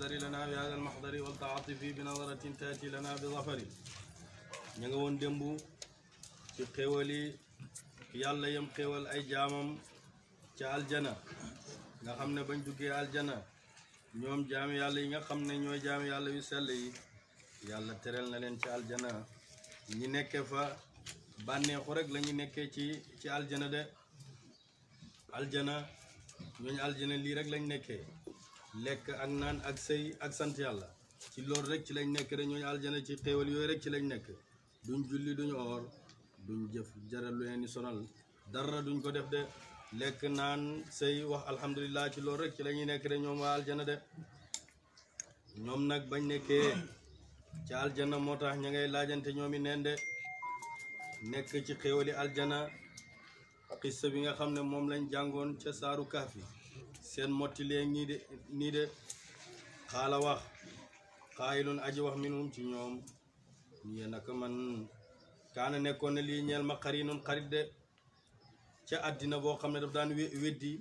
در لنا بهذا المحضر والتعاطف بنظرة تأتي لنا بظفر ña nga woon démb ci xéwali yàlla yam xéwal ay jaamam ca aljana nga xam ne bañ duggee aljana ñoom jaam yàlla yi nga xam ne ñooy jaam yàlla yu sell yi yàlla tereel na leen ci aljana ñi nekkee fa bànneexu rek lañu ñu nekkee ci ci aljana de aljana ñooñu aljana lii rek lañ nekkee lekk ak naan ak sëy ak sant yàlla ci loolu rek ci lañ nekk rek ñooñu aljana ci xéewal yooyu rek ci lañ nekk duñ julli duñ oor duñ jëf jaral lu leen di sonal dara duñ ko def de lekk naan sëy wax alhamdulilah ci loolu rek ci lañuy nekk rek ñoom waa aljana de ñoom nag bañ nekkee ci aljana moo tax ña ngay laajante ñoom i neen de nekk ci xéewali aljana xissa bi nga xam ne moom lañ jàngoon ca saaru kaafi seen mottilee nii nii de xaala wax xaayilun aji wax minum ci ñoom ñi naka man kaana nekkoon na lii ñeel ma xarinun xarit de ca àddina boo xam ne daf daan weddi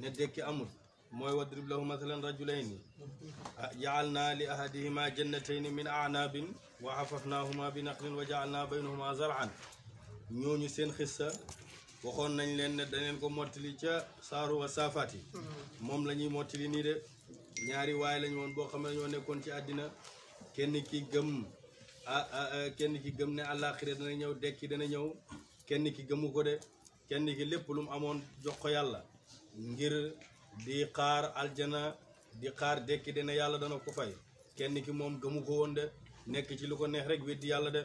ne dekki amul mooy wadrib lahu mathalan rajulayni ah, jaalna li ahadihima jannatayni min aanabin wa xafafnahuma bi naqlin wa jaalna baynahuma zar'an ñooñu seen xissa waxoon nañ leen ne daneen ko mottali ca saaru wa saafaat yi hmm. moom la ñuy mottali nii de ñaari waay lañ woon boo xam ne ñoo nekkoon ci àddina kenn ki gëm kenn ki gëm ne àllaaxira dana ñëw dekki dana ñëw kenn ki gëmu ko de kenn ki lépp lu mu amoon jox ko yàlla ngir di xaar aljana di xaar dekki dana yàlla dana ko fay kenn ki moom gëmu ko woon de nekk ci lu ko neex rek weddi yàlla de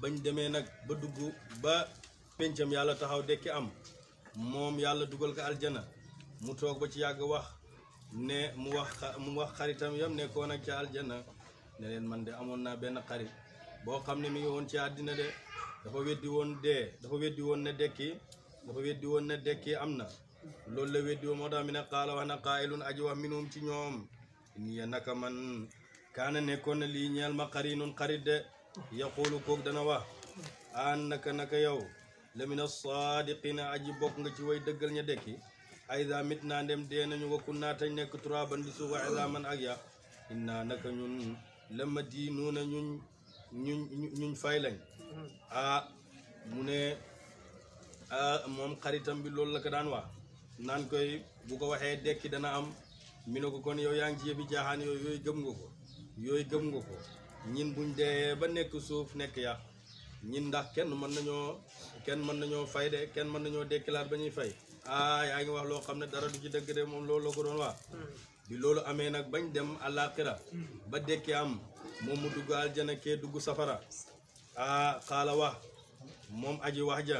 bañ demee nag ba dugg ba péncam yàlla taxaw dekki am moom yàlla dugal ko aljana mu toog ba ci yàgg wax ne mu wax mu wax xaritam yam nekkoon ak ca aljana ne leen man de amoon naa benn xarit boo xam ne mi ngi woon ci àddina de dafa weddi woon dee dafa weddi woon ne dekki dafa weddi woon ne dekki am na loolu la weddi woon moo tax mi ne xaala wax na xaayilun aji wax minum ci ñoom nii naka man kaana nekkoon na lii ñeel ma xarinun xarit de yaqulu koog dana wax aan naka naka yow la min as-saadiqiina aji bokk nga ci woy dëggal ña dekki ayda mit naa ndem dee nañu wakkun naa tañ nekk turaaban di suuf man ak ya inna naka ñun lama diinuuna ñuñ ñu ñuñ fay lañ ah mu ne moom xaritam bi loolu la ko daan wax naan koy bu ko waxee dekki dana am mi ne ko kon yow yaa ngi ci yëbi jaaxaan yooyu yooyu gëm nga ko yooyu gëm ko ñin buñ dee ba nekk suuf nekk ya ñin ndax kenn mën nañoo kenn mën nañoo fay de kenn mën nañoo dekkilaat ba ñuy fay ah yaa ngi wax loo xam ne dara du ci dëgg de moom loolu la ko doon wax bi loolu amee nag bañ dem àllaaxira ba dekki am moom mu dugg aljana kee dugg safara ah xaala wax moom aji wax ja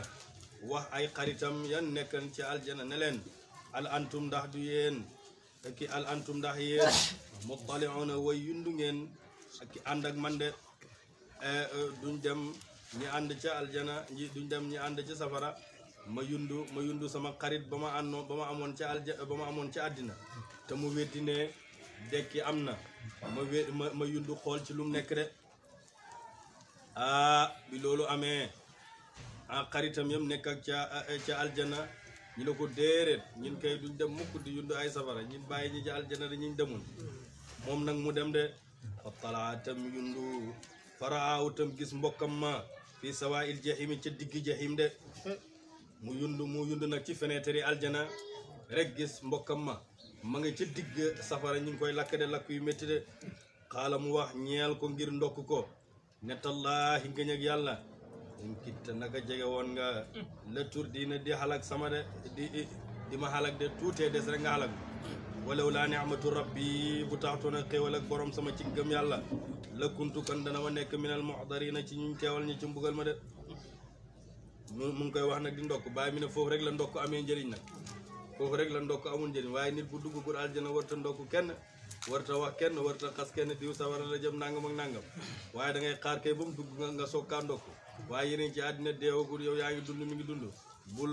wax ay xaritam yan nekkan ci aljana ne leen al antum ndax du yéen ki al antum ndax yéen muttaliuuna way yundu ngeen ki ànd ak man de eh, eh, duñ dem ñi ànd ca aljana duñ dem ñi ànd ca safara ma yundu ma yundu sama xarit ba ma àndoon ba ma amoon ca alja ba ma amoon ca àddina te mu weddi ne dekki am na ma wé xool ci lu mu nekk de ah bi loolu amee ah xaritam yam nekk ak ca aljana ñu ne ko déeréet ñun kay duñ dem mukk di yundu ay safara ñun bàyyi ñi ca aljana dañu ñu demul moom nag mu dem de fa talaatam yundu faraaw tam gis mbokkam ma fii sawaa'il jahim ca diggi jahim de mu yund mu yund nag ci fenêtre yi aljana rek gis mbokkam ma ma ngi ca digg safara ñu ngi koy lakk de lakk yu métti de xaala mu wax ñeel ko ngir ndokk ko ne tallaahi ngëñ ak yàlla um kitta naka jege woon nga la tur diina di xalak sama de di di ma xalak de tuutee des rek nga xalak walaw laa rab rabbi bu taxtoon ak xéewal ak borom sama ci gëm yàlla la kuntu kon dana ma nekk minal muxdarina ci ñu teewal ñi ci mbugal ma de mu ngi koy wax nag di ndokk bàyyi mi ne foofu rek la ndokk amee njëriñ nag foofu rek la ndokk amul njëriñ waaye nit bu dugg gur aljana warta ndokk kenn warta wax kenn warta xas kenn diw sawara la jëm nangam ak nangam waaye da ngay xaar kay ba dugg nga soog kaa ndokk waaye yeneen ci àddina deewagul yow yaa ngi dund mi ngi dund bul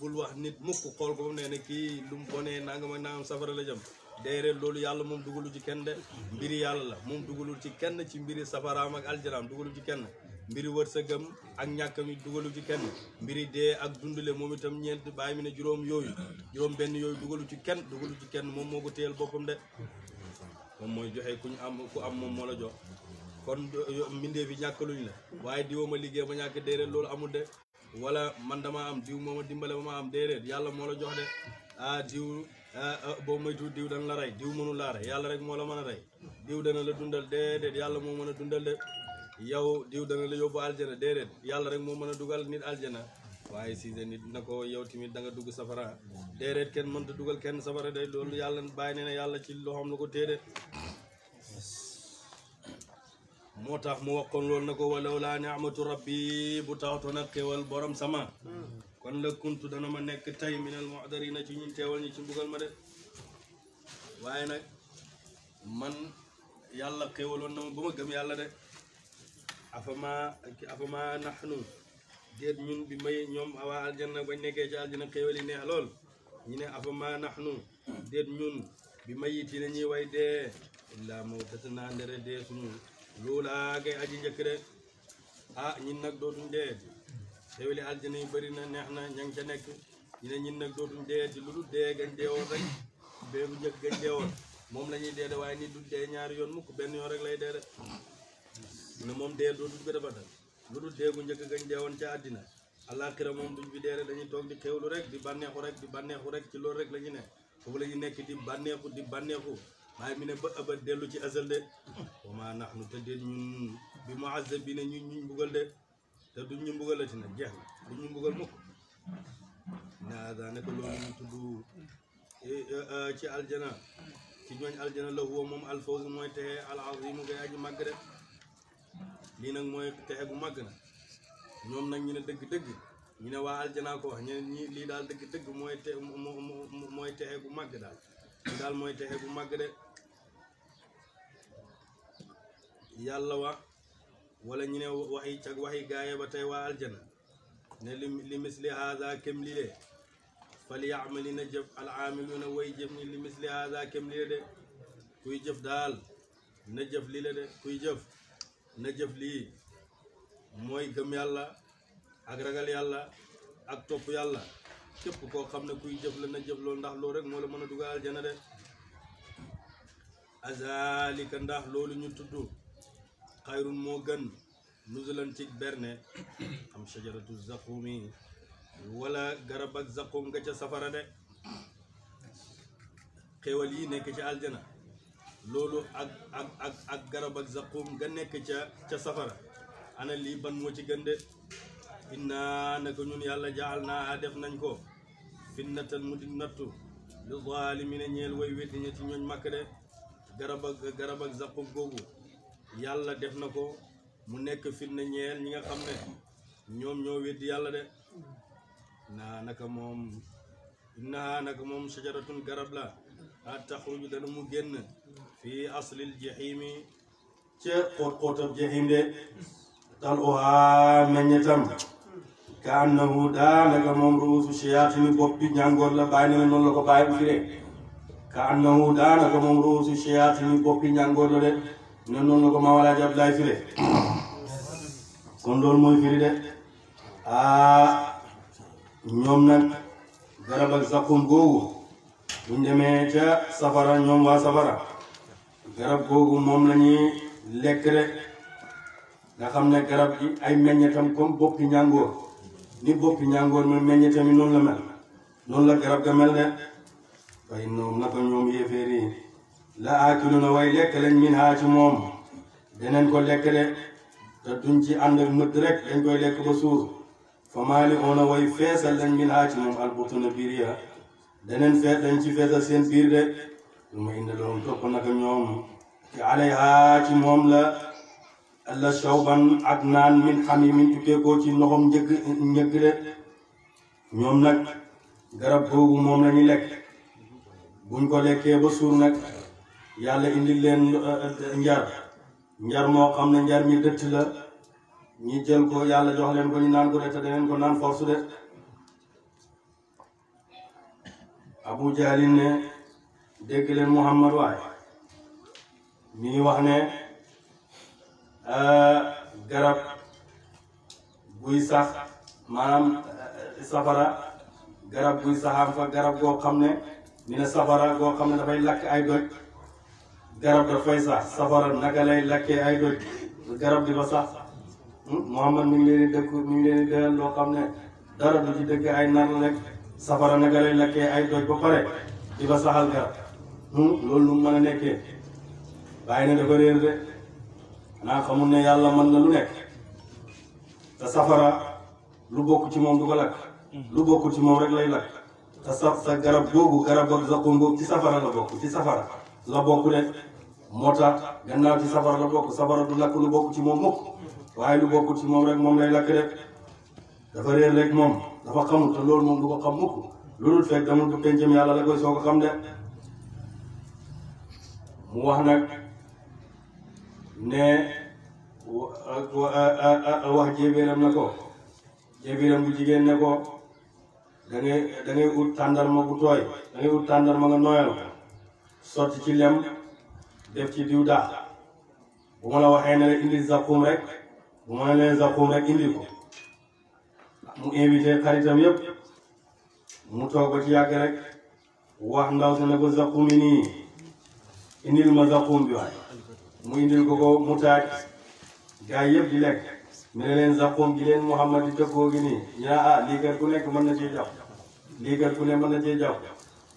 bul wax nit mukk xool ko nee na kii lu mu bonee nangam ak nangam safara la jëm déedéet loolu yàlla moom dugalu ci kenn de mbiri yàlla la moom dugalul ci kenn ci mbiri safaraam ak aljaraam dugalu ci kenn mbiri wërsëgam ak ñàkkam it dugalu ci kenn mbiri dee ak dundale moom itam ñeent bàyyi mi ne juróom yooyu juróom benn yooyu dugalu ci kenn dugalu ci kenn moom moo ko téyal boppam de moom mooy joxe kuñ am ku am moom moo la jox kon mbindee fi ñàkkaluñ la waaye diwoo ma liggéey ma ñàkk déedéet loolu amul de wala man dama am diw moo ma dimbale ba ma am déedéet yàlla moo la jox de ah diw ah, ah, boo moytu diw dana la rey diw mënu laa rey yàlla rek moo la man a rey diw dana la dundal déedéet yàlla moo mën a dundal de yow diw dana la yóbbu aljana déedéet yàlla rek moo mën a dugal nit aljana waaye Cissé nit na ko yow tamit da nga dugg safara déedéet kenn mënta dugal kenn safara de loolu yàlla bàyyi ne yàlla ci loxoom la ko téede moo tax mu waxoon loolu na ko walaw laa ni'matu rabbi bu taxutoon ak xéewal borom sama kon la kuntu dana ma nekk tay minal mu'darina ci ñun teewal ñi ci mbugal ma de waaye nag man yàlla xéewaloon na ma ba ma gëm yàlla de afama afama nahnu déet ñun bi may ñoom awaa aljanna bañ nekkee ci aljanna xéewal yi neex lool ñu ne afama nahnu déet ñun bi may yiti na ñuy way dee illaa mawtatana ndere dee suñu luulaa kay aji njëkk de ah ñin nag dootuñ deeti xeweli aljana yi bari na neex na ña ngi ca nekk ñu ne ñin nag dootuñ deeti lu dul dee gañ deewoon rek beebu moom la ñuy dee de waaye nit du dee ñaari yoon mukk benn yoon rek lay dee de ñu ne moom dee dootuñ ko dafa dal lu dul dee gu njëkk gañ deewoon ca àddina àllaaxira moom duñ fi dee de dañuy toog di xewlu rek di bànneexu rek di bànneexu rek ci loolu rek la ñu ne foofu la ñu nekk di bànneexu di bànneexu bàyyi mi ne ba ëba dellu ci asal de wa ma nahnu te ñun bi mu azab bi ne ñun ñu mbugal de te duñ ñu mbugalati nag jeex na duñ ñu mbugal mukk naa daanaka loolu ñu tudd eh, eh, ci aljana ci ñooñ aljana la huwa moom alfawzu mooy texe alazimu gay aji màgg de lii nag mooy texe bu màgg na ñoom nag ñu ne dëgg-dëgg ñu ne waa aljanaa ko wax ñi lii daal dëgg-dëgg mooy te mooy texe bu màgg daal lii daal mooy texe bu màgg de yàlla wax wala ñu ne waxi cag waxi gaaye ba tey waa aljana ne li li misli haada kem li lee fal yaamali na jëf al aamiluuna way jëf ni li misli haada kem li de kuy jëf daal na jëf li la de kuy jëf na jëf lii mooy gëm yàlla ak ragal yàlla ak topp yàlla képp koo xam ne kuy jëf la na jëf loolu ndax loolu rek moo la mën a dugal aljana de azalika ndax loolu ñu tudd xayrun moo gën nuzulan ci berne am shajaratu zaqumi wala garab ak zaqum nga ca safara de xéwal yi nekk ci aljana loolu ak ak ak ak garab ak zaqum nga nekk ca ca safara ana lii ban moo ci gën de inna naka ñun yàlla jaal naa def nañ ko fitnatan mu di nattu li zaalimiina ñeel way wéddi ña ci ñooñ màkk de garab ak garab googu yàlla def na ko mu nekk fitna ñeel ñi nga xam ne ñoom ñoo weddi yàlla de naa naka moom naa naka moom sajaratun garab la a taxruju dana mu génn fii aslil jaxiimi ca xoot xootab jaxiim de tal oha meññetam ka annahu bi njàngoor la na noonu la ko moom ruusu shayaatini bopp bi njàngoor la de ne noonu la ko maa wala jàpp laay firé kon loolu mooy firi de ah, ñoom nag garab ak zakkum googu buñ demee ca safara ñoom waa safara garab googu moom la ñuy lekk de nga xam ne garab gi ay meññetam comme boppi ñàngoor ni boppi ñàngoor ma meññetam yi noonu la mel noonu la garab ga mel de waaye noonu naka ñoom yéeféer yi la aakiluna way lekk lañ min haa moom danañ ko lekk de te duñ ci ànd ak mëtt rek dañ koy lekk ba suur fa maali oona way feesal lañ min haa ci moom albutuna biir ya danañ fees dañ ci feesal seen biir de du ma indi loolu topp naka ñoom te alayha ci moom la la shawban ak naan min xamimin tukkeekoo ci ndoxam njëgg njëgg de ñoom nag garab googu moom lañu lekk buñ ko lekkee ba suur nag yàlla indi leen uh, uh, njar njar moo xam ne njar mi dëtt la ñi jël ko yàlla jox ko ñu naan ko de te ko naan force de abu jaalin ne dégg leen muhammad waay wax ne uh, garab buy sax maanaam safara garab buy saxaan fa garab goo xam ne mi ne safara goo xam ne dafay lakk ay doj garab ga fay sax safara naka lay lakkee ay doj garab di ba sax hmm? mu mi ngi leen di dëkk mi leen di loo xam ne dara du ci dëgg ay nar la safara naka lay lakkee ay doj ba pare di ba saxal garab hmm? loolu lu mën a nekkee bàyyi na dafa réer de xanaa xamul ne yàlla mën na lu nekk te safara lu bokk ci moom du ko lakk lu bokk ci moom rek lay lakk te sa sa garab googu garab ak zaqum googu ci safara la bokk ci safara la bokk de moo tax gannaaw ci safara la bokk safara du lakk lu bokk ci moom mukk waaye lu bokk ci moom rek moom lay lakk rek dafa réer rek moom dafa xamul te loolu moom du xam mukk loolu fekk damul ko pencam yàlla la koy soo xam de wax nag ne bu jigéen ne ko da ngay da ngay ut tàndarma bu tooy da ut tàndarma nga nooyal sotti ci lem def ci diw daa bu ma la waxee ne la indi zakum rek bu a leen zakum rek indi ko mu invité xaritam yëpp mu toog ba ci yàgg rek wax ndaw si ne ko zakumi nii indil ma zakum bi mu indil ko ko mu taaj gars yëpp di lekk mu ne leen zakum gi leen Muhammad di dëppoo gi nii ñu ne ah ku nekk mën na cee jàpp lii ku ne mën na cee jàpp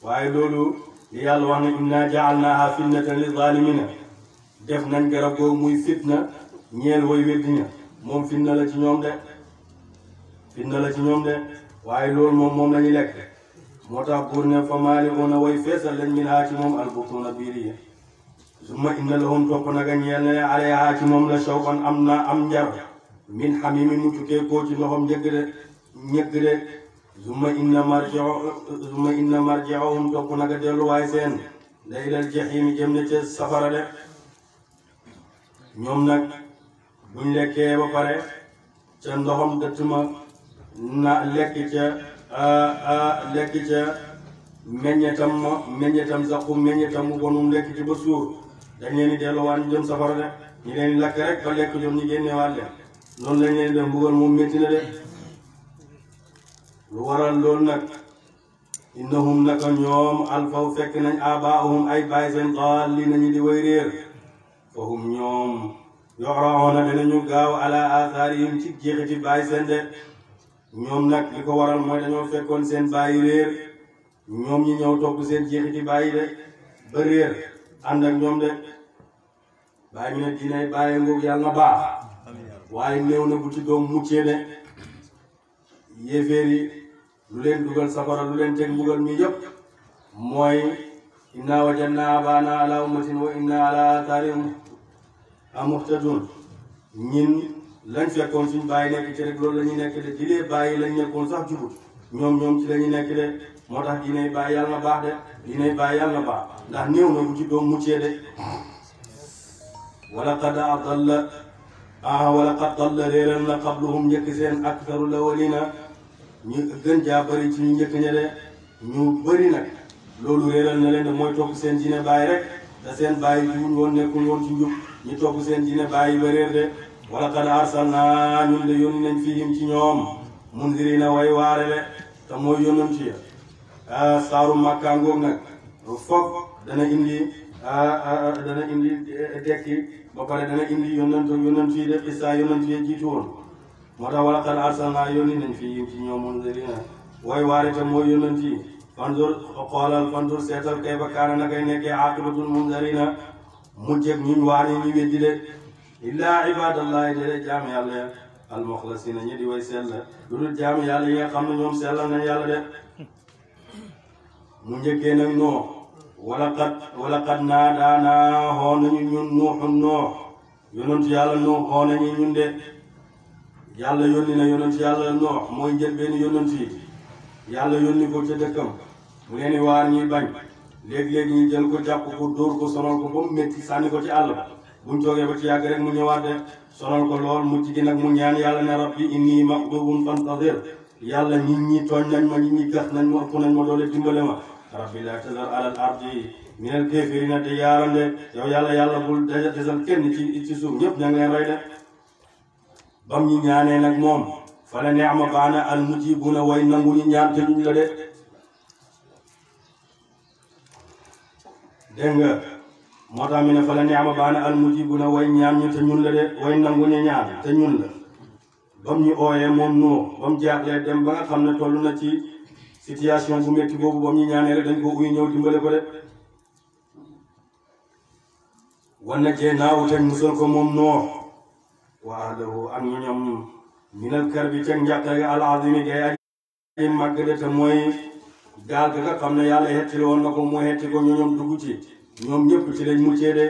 waaye loolu. li yàlla wax ne naa jaalnaaha fitnatan li zaalimina def nañ garab googu muy fitna ñeel woy weddi moom fitna la ci ñoom de ci ñoom waaye lool moom moom lañuy lekk moo tax buur ne fa maalikuuna way feesal lañ min haa ci moom albutuuna biir yi summa inna lahum topp naga ñeel ne alayhaa ci moom la shawqan am na am njar min hamiimin mu tukkee koo ci loxom njëgg de ñëgg de summa inna marji'u summa inna marji'uhum topp naka delluwaay seen day dal jaxiim jëm na ca safara de ñoom nag buñ lekkee ba pare ca ndoxam dëtt ma na lekk ca lekk ca meññetam ma meññetam saqu meññetam bu bonum lekk ci ba suur dañ leen di jëm safara de ñu leen lakk rek ba lekk jëm ñu génneewaat leen noonu lañ leen def moom métti na de lu waral loolu nag innahum naka ñoom alfaw fekk nañ abaahum ay baay seen daal li nañu di way réer fahum ñoom yoxraxoona danañu gaaw ala athaarihim ci jeexiti baay seen de ñoom nag li ko waral mooy dañoo fekkoon seen bàyyi réer ñoom ñi ñëw topp seen jeexiti bàyyi de ba réer ànd ak ñoom de bàyyi mi ne dinay bàyyi ngoog yàlla na baax waaye néew na bu ci muccee de yéeféer lu leen dugal safara lu leen teg mbugal mi yëpp mooy inna wajanna abaana ala ummatin wa inna ala aatharihim muhtadun ñin lañ fekkoon suñ bàyyi nekk ci rek loolu la ñuy nekk de di sax jubut ñoom ñoom ci la nekk moo tax diinay bàyyi yàlla na baax de diinay bàyyi yàlla na baax ndax néew na bu ci doom muccee de wala qad adalla ah wala qad dalla na qablahum njëkk seen aktaru lawalina ñu gën jaa ci ñu njëkk ña de ñu bëri nag loolu réeral na leen de mooy topp seen diine bàyyi rek te seen bàyyi juwuñ woon nekkul woon ci njub ñu topp seen diine bàyyi ba réer de wala qad arsalnaa ñun de yónni nañ fiihim ci ñoom mundirina way waare de te mooy yónnantu ya saaru màkkaa ngoog nag foog dana indi dana indi tekki ba pare dana indi yónnantu yónnantu yi de isaa yónnantu yi jiitu woon moo tax wala xel arsalnaa yónni nañ fii ci ñoom munzirina wooy waare te mooy yónnent yi fandur seetal kay ba kaana na kay nekkee aqibatul munzirina mujjëg ñuñ waane ñu weddi de illaa ibadallahi dede jaam yàlla ya almuxlasina way sell lu dul jaam yàlla yi nga xam ne ñoom sellal nañ yàlla de mu njëkkee nag noo wala xat wala xat naa ñun nuuxu noo yonent yàlla noo xoo nañu ñun de yàlla yónni na yonent yàlla noox mooy njëlbéenu yonent yi yàlla yónni ko ca dëkkam mu leen di waar ñuy bañ léeg-léeg ñu jël ko jàpp ko dóor ko sonal ko ba mu métti sànni ko ci àll buñ toogee ba ci yàgg rek mu ñëwaat de sonal ko lool mu ci gi nag mu ñaan yàlla ne rabbi inni maxdubun fantadir yàlla nit ñi tooñ nañ ma nit ñi gas nañ ma ëpp nañ ma doole dimbale ma rabbi laa tazar alal ardi minal kaafirina diyyaaran de yow yàlla bam ñi ñaanee nag moom fa la neex ma kaana al mujibuuna way nangu ñu ñaan te ñu la de dégg nga moo tax mi na fa a neex ma kaana al mujibuuna way ñaan ñu te ñun la de way nangu ñu ñaan te ñun la bam ñu ooyee moom noo bam jaaxlee dem ba nga xam na toll na ci situation bu métti boobu bam ñu ñaanee rek dañ ko uy ñëw dimbale ko de wan na jee naawuteeg musal ko moom noo wa ahlahu am ñu ñoom ñu minal kër bi ca njàqare al azimi gay aji màgg de te mooy gaal ga nga xam ne yàlla xettile woon na ko mu xetti ko ñu ñoom dugg ci ñoom ñëpp ci lañ muccee de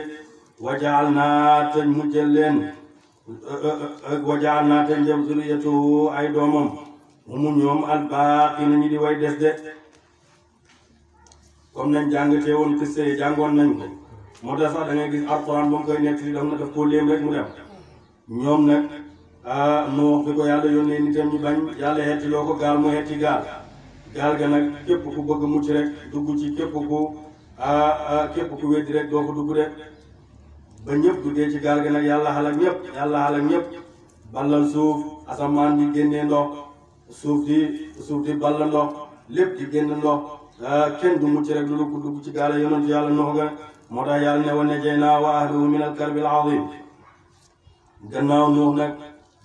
wajaal naa te mujjal leen wajaal naa te njëm zuriyatu ay doomam mu ñoom al baaqi nañu di way des de comme nañ jàngatee woon kiste yi jàngoon nañ ko moo tax sax da ngay gis alquran ba mu koy na daf koo léem rek mu dem ñoom nag ah Noox ko yàlla yónnee nitam ñu bañ yàlla xeeti loo ko gaal mu xeeti gaal gaal ga nag képp ku bëgg mucc rek dugg ci képp ku ah, ah, képp ku weddi rek doo ko dugg rek ba ñëpp duggee ci gaal ga nag yàlla xalak ñëpp yàlla xalak ñëpp ballal suuf asamaan di génnee ndox suuf balla ndox lépp di génn ndox ah, kenn du mucc rek lu dugg ci gaal yonent yàlla Noox ga moo tax yàlla ne wa najjaynaahu wa ahlahu min al-karbil aziim gannaaw nuux nag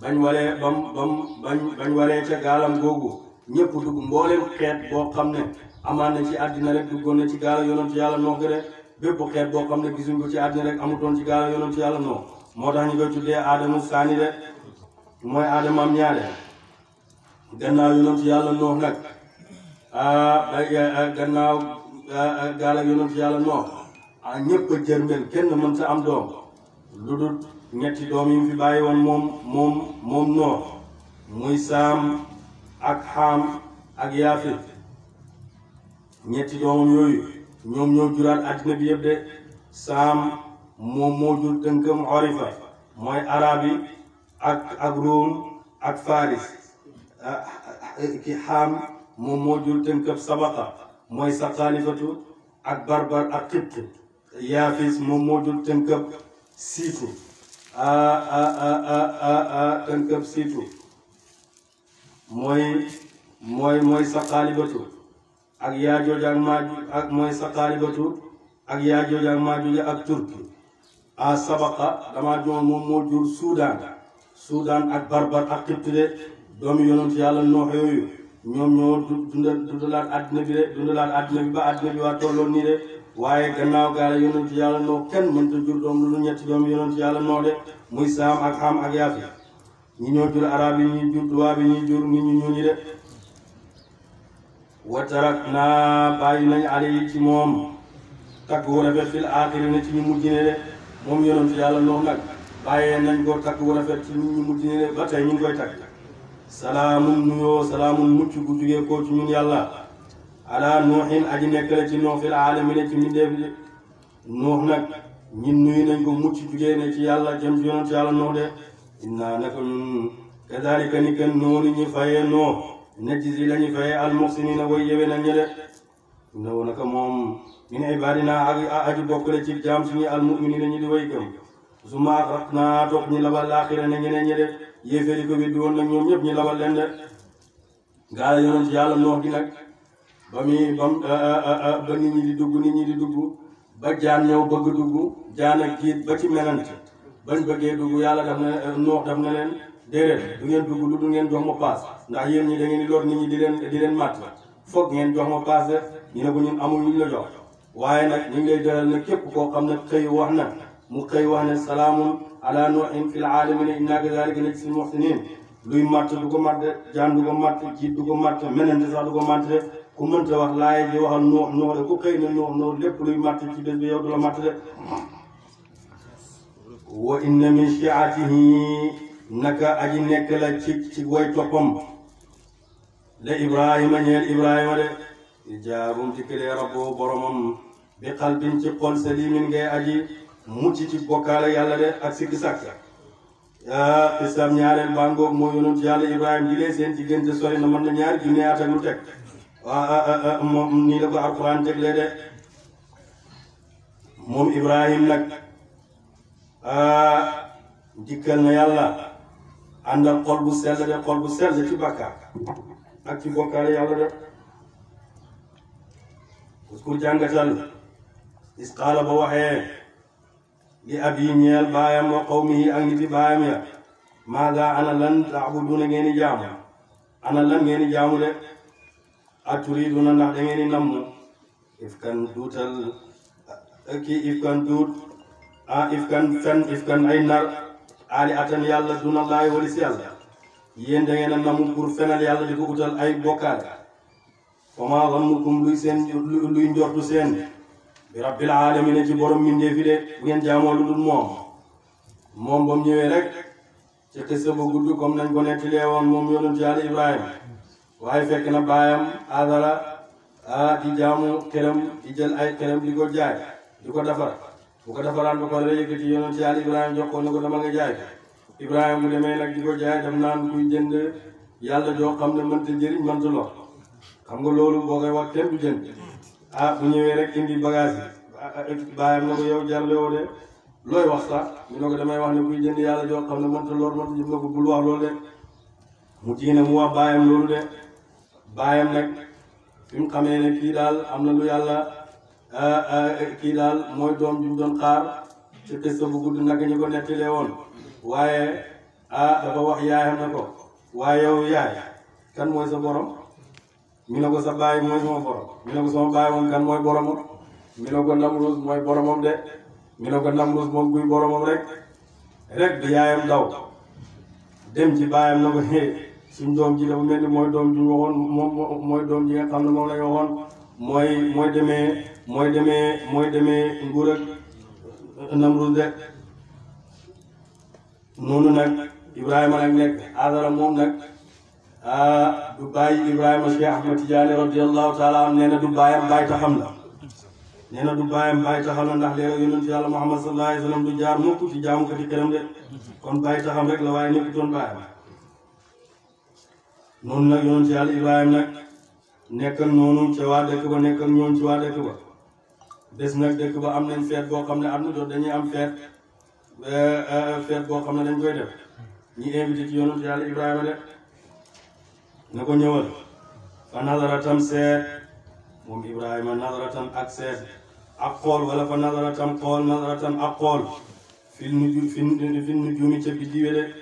bañ waree bam bam bañ bañ waree ca gaalam googu ñëpp dugg mboolem xeet boo xam ne amaan na ci àddina rek duggoon na ci gaala yonent yàlla noox gi de bépp boo xam ne gisuñ ko ci àddina rek amutoon ci gaala yonent yàlla noox moo tax ñu koy tuddee aadama saani de mooy aadama am ñaare gannaaw yonent yàlla noox nag ah, gannaaw gaala yonent yàlla noox ah, ñëpp a jërmel kenn mën sa am doom lu dul ñetti doom yi mu fi bàyyi woon moom moom moom noor muy saam ak xaam ak yaafit ñetti doomam yooyu ñoom ñoo juraat àddina bi yëpp de saam moom moo jur dënkam orifa mooy arab yi ak ruum ak faris ah, ah, ki moom moo jur dënkam sabaqa mooy saqalifatu ak barbar ak xibt yaafis moom moo jur dënkam siitu a a a a siitu mooy mooy mooy sa xaalibatu ak yaa jooju ak maaju ak mooy sa xaalibatu ak ak maaju ak turki a sabaqa dama joon moom moo jur suudaan suudaan ak barbar ak xibtu de doomi yonent yàlla noox yooyu ñoom ñoo dundalaat àddina bi de dundalaat àddina bi ba àddina bi waa tolloon nii de waaye gannaaw gaa la yonent yàlla noo kenn mënta jur doom lu ñetti doom yonent yàlla noo de muy saam ak xam ak yaafi ñi ñoo jur arab yi ñuy jur tubaab yi ñuy jur nit ñu ñuul de wa tarak naa bàyyi nañu ale yi ci moom takk wu rafet fil aaxiri na ci ñu mujj ne de moom yonent yàlla noo nag bàyyee nañ ko takk wu rafet ci ñu mujj ne de ba tey ñu koy takk salaamun nuyoo salaamun mucc gu jugee koo ci ñun yàlla ala nuuxin aji nekk la ci nuux fil aalamiina ci mbindeef yi nuux nag ñun nuyu nañ ko mucc jugee ci yàlla jëm ci yonent yàlla nuux de inna naka ñun kadalika ni kan noonu ñu fayee nuux najzi la ñu fayee al na way yewe nañ ñe de ndaw naka moom min ibaadinaa ak aji bokk la ci jaam suñu al mu'miniina ñu di way gëm su ma rab naa toog ñu labal laaxira ne ñeneen ñi de yéeféeri ko bi woon nag ñoom ñëpp ñu labal leen de gaal yonent yàlla nuux gi nag ba muy ba ba nit ñi di dugg nit ñi di dugg ba jaan ñëw bëgg dugg jaan ak jiit ba ci melante bañ bëggee dugg yàlla daf na noox daf ne leen déedéet du ngeen dugg lu du ngeen jox ma paas ndax yéen ñi da ngeen di lor nit ñi di leen di leen màtt foog ngeen jox ma paas de ñu ne ko amul ñu la jox waaye nag ñu ngi lay dalal na képp koo xam ne xëy wax na mu xëy wax ne salaamun ala nuuhin fil aalamiina innaa kazaalika najzil muhsiniin luy màtt du ko si de jaan du ko màtt jiit du ko màtt menente sax du ko màtt de ku mënta wax laay ji waxal noox noox de ku xëy na noox noox lépp luy màtt ci bés bi yow du la màtt de wa inna min shi'atihi naka aji nekk la ci woy way toppam la ibrahima ñeel ibrahima de ijaabum ci këlee rabboo boromam bi xalbin ci xol salimin ngay aji mucc ci bokkaale yàlla de ak sikki sàkk islam ñaareel baa ngoog moo yonent yàlla ibrahima di lee seen diggante sori na mën na ñaari junni at ak lu teg Ah, ah, ah, moom nii la ko alquran jëgle de moom ibrahim nag dikkal na yàlla àndal sel bu sell de xol bu sell ci bàkkaar ak ci bokkaale yàlla de uskur jàngatal isqaala ba waxee li ab yi baayam wa qawmihi ak nit baayam ya maaga ana lan taabuduuna ngeen di jaamu ana lan ngeen jaamu de aturiduna ndax da ngeen di namm ifkan duutal kii ifkan duut ah ifkan fen ifkan ay nar ali atan yàlla duna laay walis yàlla yéen da ngeen a namm pour fenal yàlla di ko utal ay bokkaal comment zannukum luy seen luy njortu seen bi rabbil alamina ci borom de bu ngeen jaamoo lu dul moom moom ba ñëwee rek ci xisa bu gudd comme nañ ko nekk lee woon moom yonent yàlla Ibrahima waaye fekk na baayam aadara ah di jaamu këram di jël ay këram di ko jaay di ko defar bu ko defaraan ba pare yëkkati yonent yàlla Ibrahima jox ko ne ko dama nga jaay mu demee nag di ko a def naan kuy jënd yàlla joo xam ne mënta njëriñ mënta lor xam nga loolu boo koy wax kenn du jënd ah bu ñëwee rek indi bagage yi baayam na ko wax sax ñu damay wax ne kuy jënd yàlla joo xam ne mënta lor mënta jëm na ko bul loolu de mu tiina mu baayam loolu de baayam nag fi mu xamee ne kii daal am na lu yàlla kii daal mooy doom bi doon xaar ci xista bu gudd nag ñu ko nettalee woon waaye ah dafa wax yaayam na ko waaye yow yaay kan mooy sa borom mi na ko sa baay mooy sama borom mi ne ko sama baay moom kan mooy boromam mi ne ko Namruus mooy boromam de mi ne ko Namruus moom kuy boromam rek rek bi yaayam daw dem ci baayam na ko xëy suñ doom ji la bu mooy doom ji ñu waxoon doom ji nga xam ne moom la ñu waxoon mooy mooy demee mooy demee mooy demee nguur ak euh, Namrud de noonu nag Ibrahima nag nekk Aadara moom nag ah du bàyyi Ibrahima Cheikh Ahmed Tidiane radiyallahu taala nee na du bàyyi taxam la nee na du bàyyam bàyyi taxam la ndax léeg-léeg yonent yàlla Muhammad sallallahu alayhi wa sallam du jaar mukk ci jaamu ko kon bàyyi taxam rek la waaye nekkutoon bàyyam noonu nag yoon ci yàlla Ibrahima nag nekkal noonu ca waa dëkk ba nekkal ñoon ci waa ba des nag dëkk ba am nañ feet boo xam ne am na doot dañuy am feet eh, eh, feet boo xam ne dañ koy def ñu invité ci yoonu ci yàlla Ibrahima def na ko ñëwal fa nazaratam seet moom Ibrahima nazaratam ak seet ak xool wala fa nazaratam xool nazaratam ak xool fi nu fi nu juumi ca de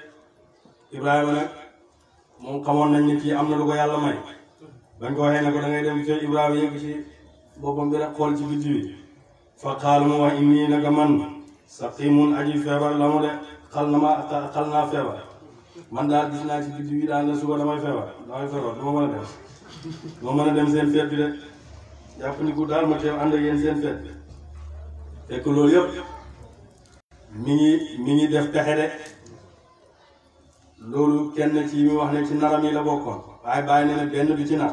Ibrahima nag moom xamoon nañ ni kii am na lu yàlla may bañ ko waxee ne ko da ngay dem ci Ibrahima yëg ci boppam bi rek xool ci bitti bi fa xaal mu wax inni naka man saqimun aji feebar la mu de xal na ma xal naa feebar man daal gis naa ci bitti bi daal na suba damay feebar damay feebar dama mën a dem dama mën a dem seen feet bi de jàpp ni ku daal ma teew ànd ak yéen seen feet bi fekk loolu yëpp mi ngi def pexe de loolu kenn ci mu wax ne ci naram yi la bokkoon waaye bàyyi ne benn du ci nar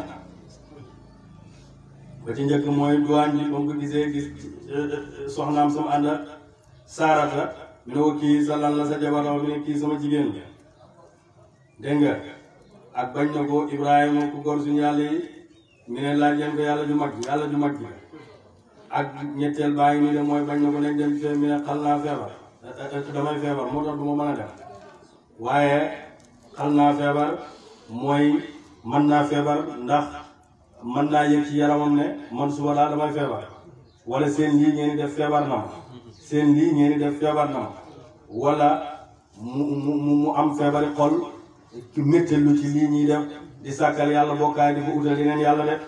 ba ci njëkk mooy duwaañ bi ba mu ko gisee gis euh, euh, euh, soxnaam sama ànd saarata mu ne ko kii sa lan la sa jabar la kii sama jigéen la dégg nga ak bañ na ko Ibrahima ku góor suñu yàlla yi mu ne laaj leen ko yàlla ju mag ji yàlla ju mag ji ak ñetteel bàyyi mi ne mooy bañ na ko nekk damay feebar moo tax du ma a def waaye xal naa feebar mooy man naa feebar ndax mën naa yëg ci yaramam ne man suba laa damay feebar wala seen lii ngeen di def feebar na ma seen lii ngeen def feebar na ma wala mu mu mu am feebari xol ci méttalu ci lii ñuy def di sàkkal yàlla bokkaay di ko utal yeneen yàlla def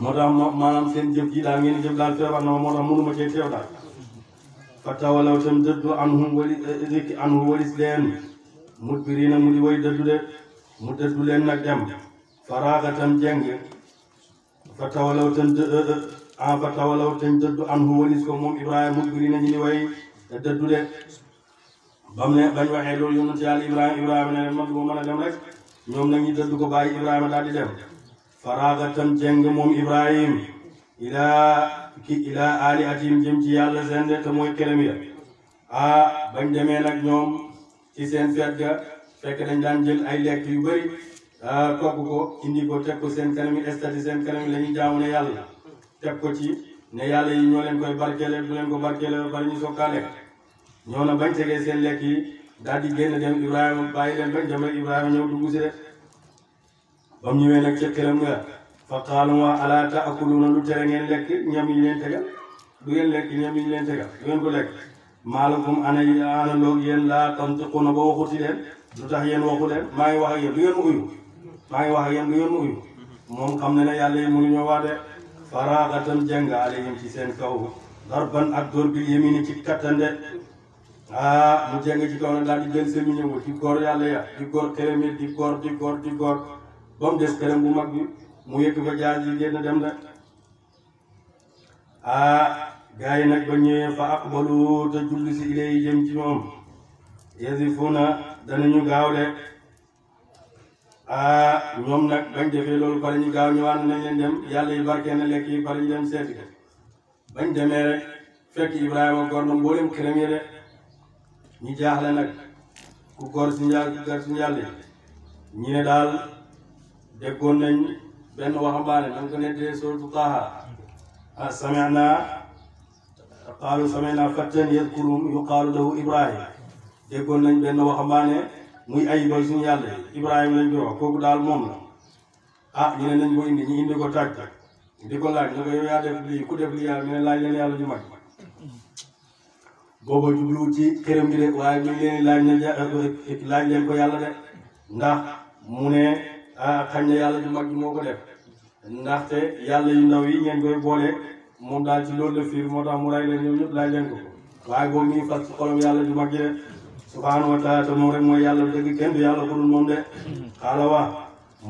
moo tax maanaam seen jëf ji daal ngeen di jëf daal feebar na ma moo tax mënuma ci teew daal fatawalaw tam eh, eh, leen mudbiriina mu di way dëddu de mu dëddu leen nag faraaga tam jeng eh, moom ibrahima mudbiriina ñu ni way dëddu de bam ne bañ waxee loolu yonent yàlla ibrahima ibrahima ne ma mën a dem rek ñoom nag dëddu ko bàyyi ibrahima daal di dem faraaga tam jeng moom ibrahima ilaa ki ilaa alihatihim jëm ci yàlla seen de te mooy këram ya ah bañ demee nag ñoom ci seen feet ga fekk dañ daan jël ay lekk yu bëri togg ko indi ko teg ko seen kanami estati seen kanami la ñuy jaamu ne yàlla teg ko ci ne yàlla yi ñoo leen koy barkeele du leen ko barkeele bari ñu soog kaa lekk ñoo na bañ tegee seen lekk yi daal di génn dem Ibrahima bàyyi leen bañ dem Ibrahima ñëw dugg si de ba mu ñëwee nag ca këram nga fa qaalu ma alaa taakuluuna lu tere ngeen lekk ñam yi leen tegal du ngeen lekk ñam yi leen tegal du ngeen ko lekk maalakum ana ana loog yéen laa tantiquuna ba waxuti leen lu tax yéen waxu leen maa ngi wax ak yéen du ngeen ma uyu maa ngi wax ak yéen du ngeen ma uyu moom xam na ne yàlla yi mënuñoo wax de faraagatan jàng alayhim ci seen kaw darban ak dóor bi yemini ci kattan de ah mu jàng ci kaw nag daal di gën semiñëwu di góor yàlla ya di góor kërémit di mu yëkk fa jaas yi génn dem de ah gars yi nag ba ñëwee fa aqbalu te julli si ilay jëm ci moom yasifuna danañu gaaw de ah ñoom nag bañ defee loolu pare ñu gaaw ñu waan nañ leen dem yàlla yi barkee na lekk yi pare ñu dem seeti de bañ demee rek fekk Ibrahima góor na mboolem këram yi de ñu jaaxle nag ku góor si njaal ku góor si njaal ñi ne daal déggoon nañ benn waxambaane da nga ko nettee suratu Taaha ah sami'naa qaalu sami'naa fattan yadkuruhum yuqaalu lahu Ibrahim déggoon nañ benn waxambaane muy ayibal suñu yàlla Ibrahima lañ ko wax kooku daal moom la ah ñu ne nañ ko indi ñu indi ko taaj taaj di ko laaj ne ko yàlla ñu ne laaj ko yàlla de ndax mu ne. ah xañ na yàlla ju mag moo ko def ndaxte yàlla yu ndaw yi ngeen koy boole moom daal ci moo tax mu leen ñoom ñëpp laaj yàlla ju mag ji de subhaanahu wa taala te moom rek mooy yàlla dëgg kenn du yàlla ko dul moom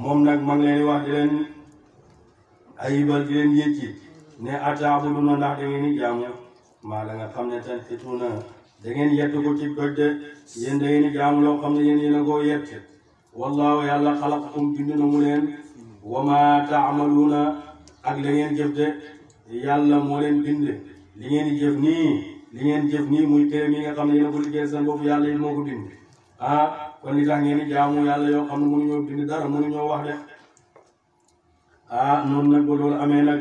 moom nag ma ngi leen di wax di leen ayibal di leen yëcci ne ataabuduuna ndax da ngeen di jaamu la nga xam ne tan xituuna da ngeen yett ko ci doj jaamu loo xam ne yéen yéen a koo yett wallaahu yàlla xalaqakum bind na mu leen wa ma taamaluuna ak la ngeen jëf de yàlla moo leen bind li ngeen jëf nii li jëf nii muy téere mi nga xam ne yéen ko liggéey seen bopp yàlla it moo ko bind ah kon li ngeen jaamu yàlla yoo xam ne mënuñoo bind dara mënuñoo wax de ah noonu nag ba loolu amee nag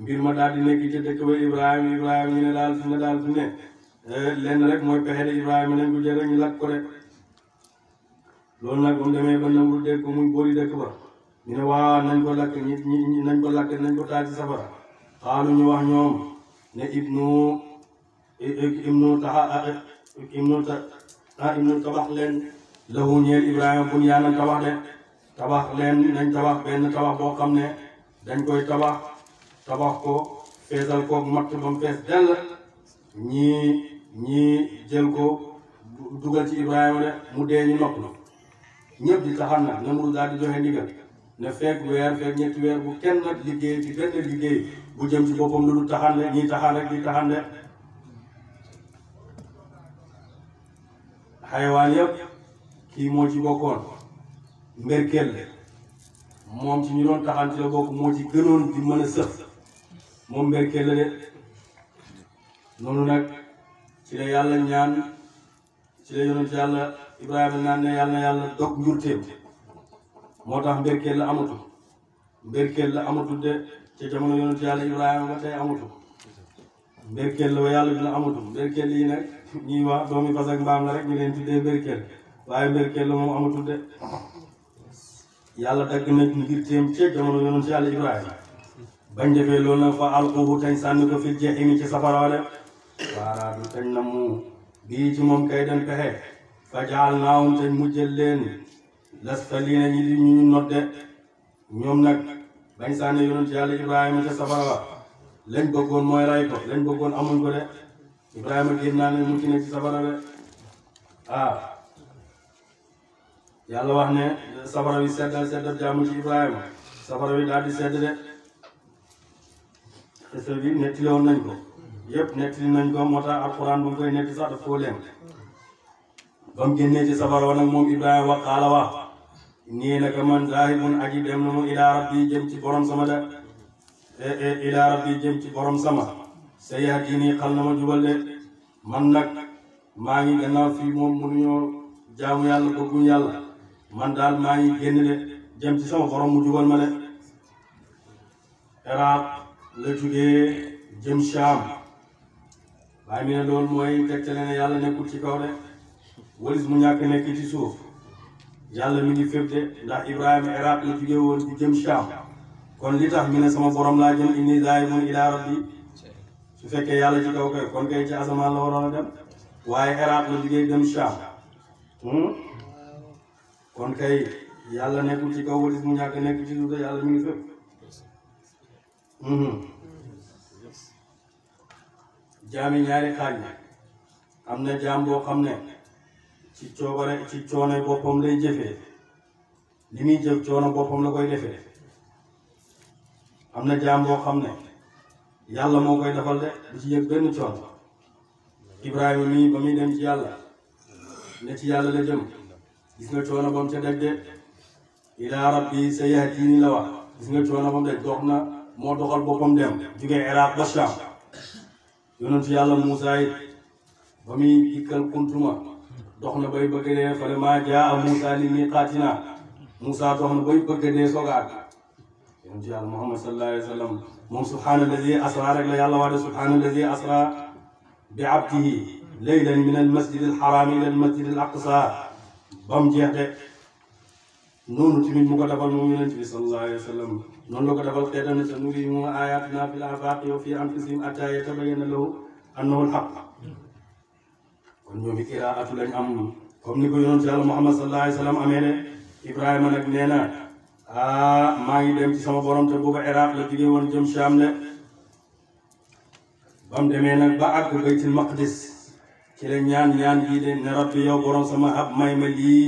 mbir ma daal di nekk ci dëkk ba Ibrahima Ibrahima ne daal fi ne daal fi ne lenn rek mooy pexe de Ibrahima nañ ko jël lakk ko rek. loolu nag mu demee ba nangul dégg ko muy boori dëkk ba ñu ne waa nañ ko lakk ñi ñi nañ ko lakk nañ ko taal ci safara xaalu ñu wax ñoom ne ibnu ibnu taxa ibnu ta ah ibnu tabax leen lahu ñeel Ibrahima bun tabax de tabax leen nañ tabax benn tabax boo xam ne dañ koy tabax tabax ko feesal ko matt ba fees dell ñii ñi jël ko dugal ci Ibrahima de mu dee ñu noppalu. ñépp di taxaw na Namru daal di joxe ndigal ne fekk weer fekk ñetti weer bu kenn nag liggéey liggéey bu jëm ci boppam lu dul taxaan le ñii taxaan rek ñii taxaan rek xayawaan yëpp kii moo ci bokkoon mberkel moom ci ñu doon taxaan ci la bokk moo ci gënoon di mën a sëf moom mberkel de noonu nag ci la yàlla ñaan ci la yonent yàlla Ibrahima naan ne yàlla na yàlla dog njurteem moo tax mbérkeel la amatu mbérkeel la amatu de ca yàlla Ibrahima ba tey amatu mbérkeel la ba yàlla bi amatu mbérkeel yi nag ñuy wax doomi fas ak mbaam la rek ñu leen tuddee mbérkeel waaye mbérkeel la moom yàlla dagg na njurteem ca jamono yonent loolu nag fa alquhu tañ sànni ko fil jahimi ci safara wala waaraa tañ na mu bii ci moom kay dañ pexe fajaal naawum te mu jël leen lastaliina ñi di ñu nodde ñoom nag bañ sànni yonent yàlla ibrahima ca safara wa lañ bëggoon mooy ray ko lañ bëggoon amuñ ko de ibrahima génn naa ne mucc na ci safara de ah yàlla wax ne safara wi seddal seddal jaamu ci ibrahima safara wi daal di sedd de xisa bi nettali woon nañ ko yëpp nettali nañ ko moo tax alxuraan bu mu koy sax daf koo leen ba mu génnee ci safara wa nag moom Ibrahima wa qaala wax nii naka man zaahibun aji dem na mu ilaa rabbi jëm ci borom sama de e, e, ilaa rabbi jëm ci borom sama sayahdini xal na ma jubal de man nag maa ngi gannaaw fii moom mënuñoo jaamu yàlla bëgguñ yàlla man daal maa ngi génn de jëm ci sama borom mu jubal ma de Iraq la jugee jëm Shaam waaye mi ne loolu mooy tegtale ne yàlla nekkul ci kaw de walis mu ñàkk nekk ci suuf yàlla mi ngi fépp de ndax ibrahima iraq la jugee woon di jëm Sham kon li tax mi ne sama borom laa jëm inni zaahibun ilaa rabbi su fekkee yàlla ci kaw kay kon kay ci asamaan la waaye iraq la jugee dem Sham hmm? kon kay yàlla nekkul ci kaw walis mu ñàkk nekk ci suuf de yàlla mu ngi fépp hmm. jaami ñaari xaaj am na jaam boo xam ne ci coobare ci coono boppam lay jëfee li muy jëf coono boppam la koy defee am na jaam boo xam ne yàlla moo koy defal de du ci yëg benn coono Ibrahima mii ba muy dem ci yàlla ne ci yàlla la jëm gis nga coono ba mu ca daj de ilaa rabbi sa yahdini la wax gis nga coono ba mu daj dox na moo doxal boppam dem jugee Iraq ba Sham yonentu yàlla Moussa ba muy dikkal kuntuma dox na bay bëgg dee fa lammaa jaa Muusaa li miiqaatinaa Muusaa dox na bay bëgg dee soog a àgg yonent yàlla Muhammad sallallahu alayhi wa sallam moom subhaana allazii asraa rek la yàlla wax de subhaana allazii asraa bi abdihi laylan min almasjid alxaraam ila almasjid alaqsa ba mu jeex de noonu tamit mu ko defal moom yonent bi sallallahu alayhi wa sallam noonu la ko defal xeetam ne sanurihim aayaatinaa fil aafaaqi wa fii anfusihim hattaa yatabayyana lahum annahu alxaq kon ñoom it iraatu lañ am comme ni ko yonent yàlla Muhammad sallallahu alayhi amee ne Ibrahima nag nee na ah, maa ngi dem ci sama borom te booba Iraq la jógee woon jëm Sham ne ba demee nag ba àgg baytul maqdis ci la ñaan ñaan gii de ne rabbi yow borom sama ab may ma lii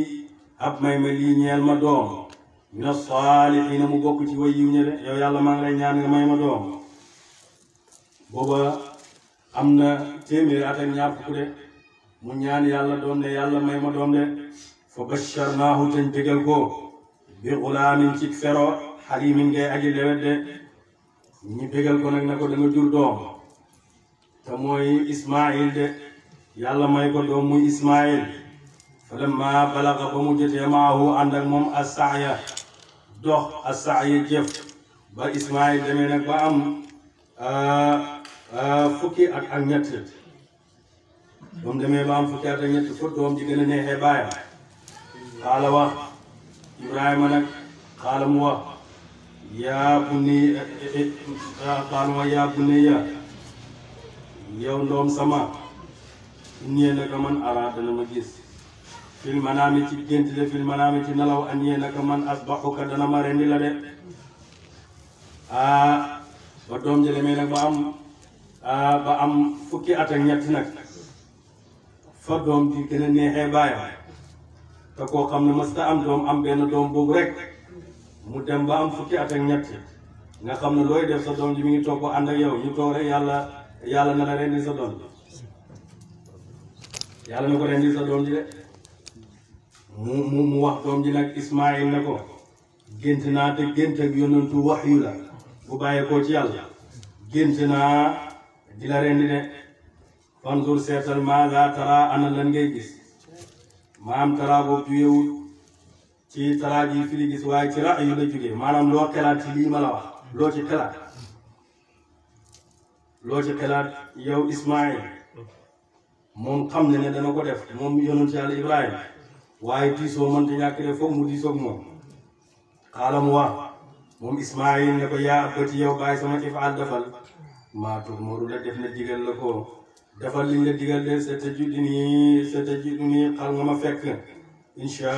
ab may ma lii ñeel ma doom mina saalihiina mu bokk ci way yiw ñe de yow yàlla maa ngi lay ñaan nga may ma doom booba am na téeméeri at ak ñaar de mu ñaan yàlla doom de yàlla may ma doom de fa basharnaahu te bégal ko bi xulaamin ci fero xalimin ngay aji lewet de ñi bégal ko nag na ko da jur doom te mooy ismail de yàlla may ko doom muy ismail fa lamma balaga ba mu jotee maahu ànd ak moom assaaya dox assaaya jëf ba ismail demee nag ba am ah, ah, fukki ak ak ñett ba mu demee ba am fukki at ak ñett fut doom ji gën a neexee baayam xaala wax Ibrahima nag xaala mu wax yaa bunni xaala mu wax yaa bunni ya yow ndoom sama innee naka man ara dana ma gis fil manaami ci gént de fil manaami ci nelaw annee naka man asbaxuka dana ma rendi la de ah ba doom ji demee nag ba am ba am fukki at ak ñett nag fa doom di gën a neexee baayam te koo xam ne mës ta am doom am benn doom boobu rek mu dem ba am fukki at ak ñett nga xam ne looy def sa doom ji mi ngi topp ànd ak yow yi toog rek yàlla yàlla na la na ko rendi sa doom ji de mu mu mu wax doom ji nag Ismaayil ne ko gént naa te gént ak yonantu wax yu la bu bàyyeekoo ci yàlla gént naa di la rendi de fanzur seetal maa laa taraa ana lan ngay gis maam taraa boobu jugewut ci taraa ji fi gis waaye ci rax yu la jugee maanaam loo xelaat lii ma la wax loo ci moom xam na ne dana ko def moom yonent Yàlla Ibrahima waaye diisoo mënta ñàkk def foog mu diisoog moom xaala mu moom Ismaïl ne ko yaa abbati yow bàyyi sama ifaal defal maa tuumaru la def na digal la ko defal liñ la digal de sa tajid nii sa tajid nii xal nga ma fekk insha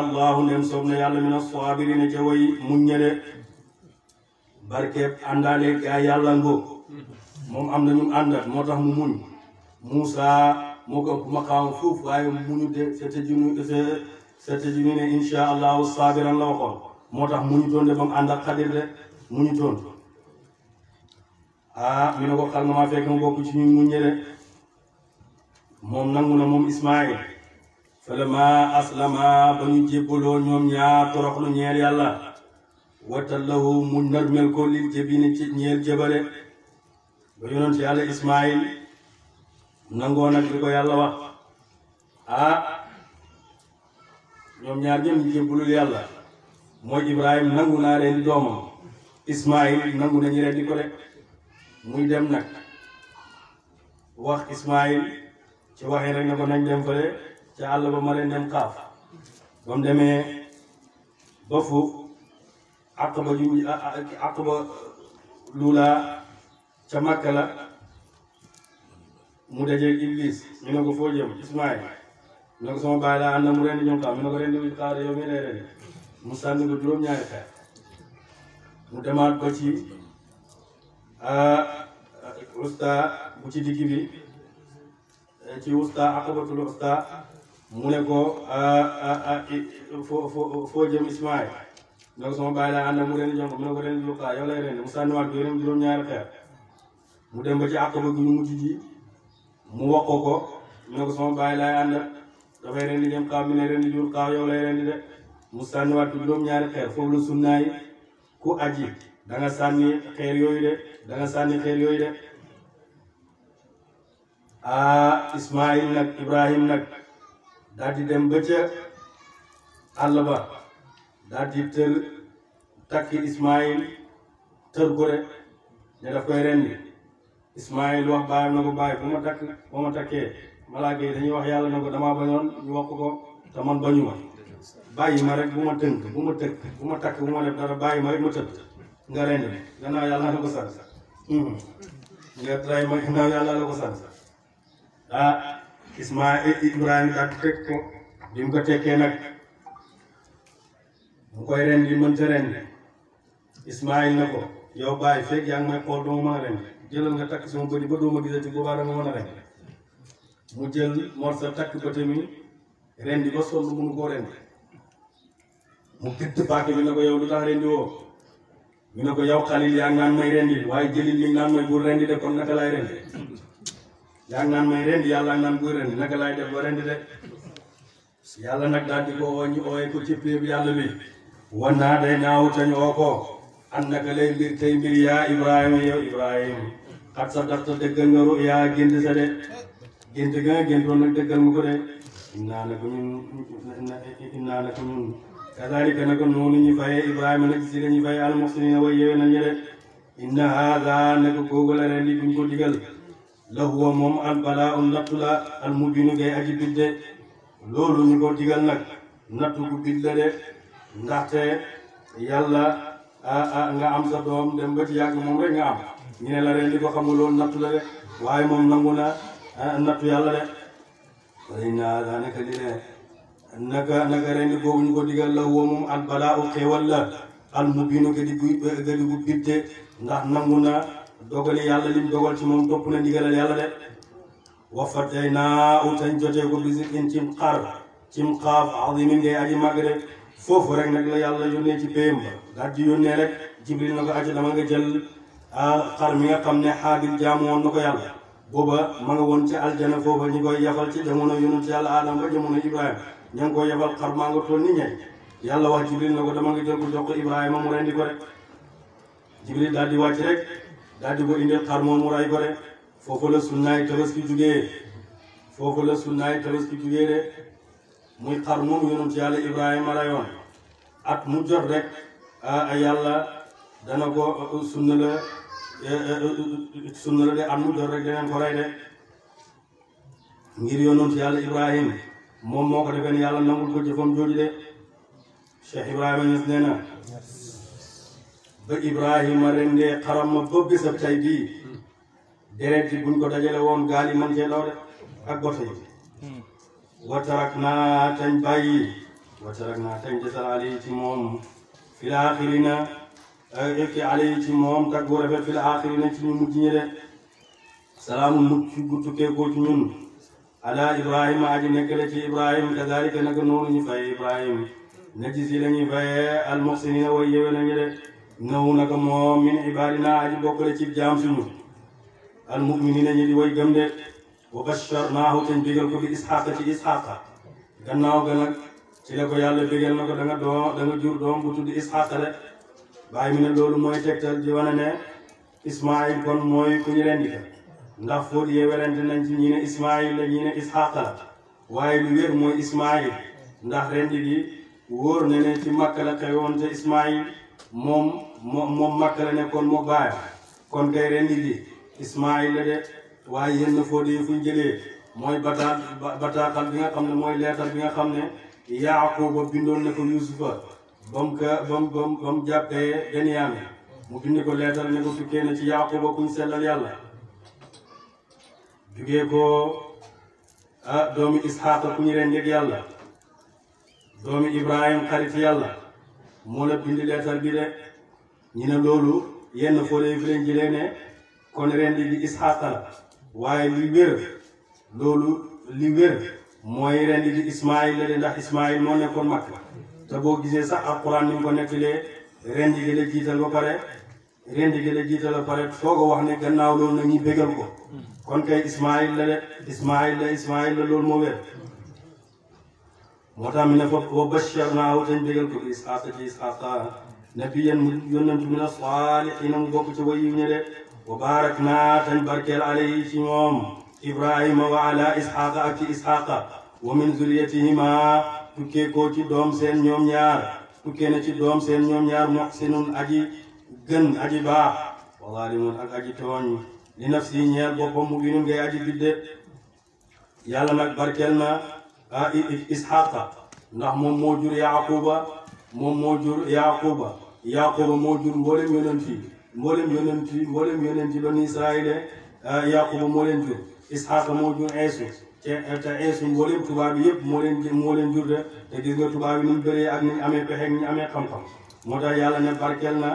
allahu ndem soob na yàlla mina saabirina ca way muñ ñële barkeeb àndaale gaa yàlla ngo moom am na ñu àndal moo tax mu muñ Moussa moo ko ëpp maqaam fuuf waaye muñu de sa tajid sa tajid ne insha allahu saabiran la waxoon moo tax muñu doon de ba mu ànd ak xadir de muñu doon ah mi ne ko xar nga maa fekk mu bokk ci ñu mu ñëde moom nangu na moom Ismaayil falammaa aslama ba ñu jébbaloo ñoom ñaar toroxlu ñeel yàlla watallahu mu narmel ko lil jabine ci ñeel jëbale ba yonent yàlla Ismaayil nangoo nag li ko yàlla wax ah ñoom ñaar ñëpp ñu jébbalul yàlla mooy Ibrahim nangu naa leen di doomam Ismaayil nangu nañu leen di ko rek muy dem nag wax Ismaïl ci waxee rek ne ko nañ dem fële ci àll ba ma leen dem xaaf ba mu demee ba fu àq ba ju àq ba luulaa ca Makka la mu dajeeg Iblis ñu ne ko foo jëm Ismaïl ne ko sama bàyyi laa ànd na mu rendi ñoom xaaf mu ne ko rendi wuñ xaar yow mi lay rendi mu sànni ko juróom-ñaari xeer mu demaat ba ci Euh, euh, usta bu euh, ci digg bi ci usta aqabatul usta mu ne ko foo foo foo jëm Ismaïl mu ren jox mu ne ko ren jox yow mu sànniwaat bi mu dem ba ci àq ba gi mu wax ko ko mu ne ko sama di dem xaaw jur xaaw yow lay ren de mu sànniwaat bi juróom-ñaari xeer foofu la sunnaay ku aji da nga sànni xeer yooyu de. da nga sànni xeer yooyu de ah Ismaayil nag Ibrahim nag daal di dem ba ca àll ba daal di tër takki Ismaayil tër ko de ne daf koy rendi Ismaayil wax baayam na ko baay bu ma takk bu ma takkee malaaka yi dañuy wax yàlla na ko damaa bañoon ñu wax ko te man bañu ma bàyyi ma rek bu ma tënk bu ma tëkk bu ma takk bu ma def dara bàyyi ma rek ma tëdd nga rendi gannaaw yàlla na ko sax Mm. nga Ibrahima ginnaaw yàlla la ko sant ah Ismaayil Ibrahima daal teg ko bi mu ko tekkee nag mu koy ren di mënta ren Ismaayil na ko yow bàyyi fekk yaa ngi may xool doo ma mën a ren jëlal nga takk sama bëri ba doo ma gisati boobaa danga mën a ren mu jël morsa takk ba tamit ren di ba sonn mënu koo ren mu gëdd paaka bi na ko yow lu tax ren di woo. ñu ne ko yow xalil yaa ngaan may rendi waaye jëlil li naan may buur rendi de kon naka laay rendi yaa ngaan may rendi yàlla ngaan buur rendi naka laay def ba rendi de yàlla nag daal di ko oo ñu ooyee ko ci péeb yàlla bi wan naa day naaw tañ oo ko an naka lay mbir tey mbir yaa ibrahima yow ibrahima xat sa daxta dëggal nga ru yaa gént sa de gént ga nga géntoon nag dëggal mu ko de inaa naka ñun inaa naka ñun kazalika naka noonu ñu fayee Ibrahima nag si la ñu fayee almuxsinina way yewe nañu rek inna haada naka googu la ren di buñ ko digal la huwa moom al balaa un nattu la al mubinu ko digal nag nattu gu bidde de ndaxte yàlla nga am sa doom dem ba yàgg moom rek nga am ñu ne la ren di ko xamul loolu nattu la de waaye moom nangu na nattu yàlla de inna haada naka li ne naka naka ren googu ñu ko digal la woo moom al balaa u xéewal la al mu biinu gadi gu gadi eh, gu bibte ndax nangu na dogali yàlla lim dogal ci moom topp na ndigalal yàlla de wa faday naa utañ jotee ko bisikin cim xar cim xaaf azimin ngay aji màgg rek foofu rek nag la yàlla yónnee ci péyam ba daal di yónnee rek jibril na ko aca dama nga jël xar mi nga xam ne xaabil jaamu woon na ko yàlla booba ma nga woon ci aljana foofa ñu koy yafal ci jamono yonent yàlla aadama ba jamono ibrahima ña ngi ko yebal xar maa nga toll ni ñeñ yàlla wax jibril na ko dama nga jël ko jox ko ibrahima mu rendi ko rek jibril daal wàcc rek daal ko indil xar moom mu ray ko rek foofu la sunnaay tabaski jugee jugee de muy xar moom yonent yàlla ibrahima rayoon at mu jot rek yàlla dana ko sunna la e, e, e, sunna la de at mu jot rek de ngir yonent yàlla ibrahima moom moo ko defee yàlla nangul ko jëfam jooju de Cheikh Ibrahima Niass nee na ba Ibrahima rendee xaram ma ba bésab tay bii deret yi buñ ko dajale woon gaal yi man cee daw de ak goto watarak naa tañ bàyyi watarak naa tañ desal ali ci moom fil axirina ci ali ci moom kat bu rafet fil axirina ci ñu mujj ñi de salaamu mucc gu tukkee koo ci ñun ala ibrahima aji nekk la ci ibrahima kadalika nag noonu ñu fay ibrahima naji si la ñuy fayee almuxsinina way yéwe nañu de nawu naka moom min naa aji bokk la ci jaam suñu almuminina ñi di way gëm de wa basharnaahu ten bégal ko bi isxaqa ci isxaqa gannaaw ga nag ci la yàlla bégal na ko da nga doom da nga jur doom bu tudd isxaqa de bàyyi mi ne loolu mooy tegtal di wane ne ismail kon mooy ku ñu leen di ndax fóot yee werante nañ ci ñi ne ismaayil la ñi ne isxaq la waaye lu wér mooy ismaayil ndax rendi gi wóor na ne ci makka la xewoon te ismaayil moom moom moom la nekkoon moo baay kon kay rendi gi ismaayil la de waaye yenn fóot yi fuñ jëlee mooy bataa bataaxal bi nga xam ne mooy leetal bi nga xam ne yaaquba bindoon na ko yusufa ba mu ka ba mu ba mu jàppee Benyamin mu bind ko leetal ne ko tukkee na ci yaaquba kuñ sellal yàlla jugee ko ah doomi isxaaqa ku ñu leen yëg yàlla doomi ibrahim xarit yàlla moo la bind leetar bi de ñu ne loolu yenn foo leen fi leen jëlee ne kon ren di di isxaaqa la waaye li wér loolu li wér mooy ren di di la de ndax ismail moo nekkoon mag te boo gisee sax alquran ni mu ko nekkilee ren di la jiital ba pare rendi gi la jiitala pare soo ko wax ne gannaaw loolu na ñu bégal ko kon kay ismail la de ismail la ismail la loolu moo wér moo tax mi ne foofu wa basharnaahu tañ bégal ko bi isxaaqa ci isxaaqa nabiyan mu yónnantu min asaalihina mu bokk ci wayu ñe de wa baarak naa barkeel alayhi ci ñoom ibrahima wa ala isxaaqa ak ci isxaaqa wa min zuriyatihima tukkee koo ci doom seen ñoom ñaar tukkee na ci doom seen ñoom ñaar muxsinun aji gën aji baax wa zaalimun ak aji tooñ li nafsi ñeel boppam mu binun ngay aji bidde yàlla nag barkeel na isxaqa ndax moom moo jur yaquba moom moo jur yaquba yaquba moo jur mboolem yonent yi mboolem yonent yi mboolem yonent yi bani israayil yaquba moo leen jur isxaqa moo jur eesu te te eesu mboolem tubaab yëpp moo leen moo leen jur de te gis nga tubaab yi ni mu bëree ak ni ñu amee pexe ak ni ñu amee xam-xam moo tax yàlla ne barkeel na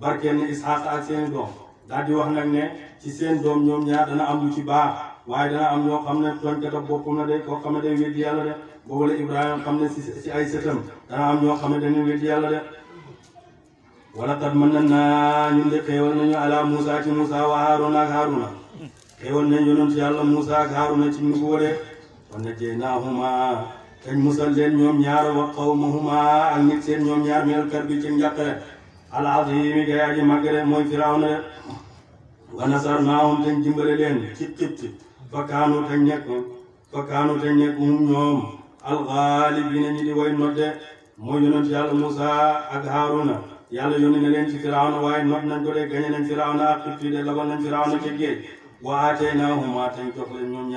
barkeel na Isxaaq ak seen doom daal di wax nag ne ci seen doom ñoom ñaar dana am lu ci baax waaye dana am ñoo xam ne tooñkat ak boppam la de koo xam ne day weddi yàlla de boobu la Ibrahima xam ne si si ay sëtam dana am ñoo xam ne dañuy weddi yàlla de. na naa ñun de xéewal nañu ala Moussa ci Moussa wa Haruna ak Haruna xéewal nañ yonent yàlla Moussa ak Haruna ci nubuwwa de kon nag jey naa huma dañ musal leen ñoom ñaar wa qawmahuma ak nit seen ñoom ñaar minal karbi ci njàqare alazimi gay aji màggale mooy firawna de wa nasarnaahum te dimbale leen ci Xipt fa kaanu te nekk fa kaanu te nekk hum ñoom alxaalibiina ñi di way nodde mooy yonent yàlla Musa ak Haaruna yàlla yónni na leen ci firawna waaye not nañ ko de gañe nañ firawna ak Xipt de labal nañ firawna ci géej wa aataynaahuma tañ jox leen ñoom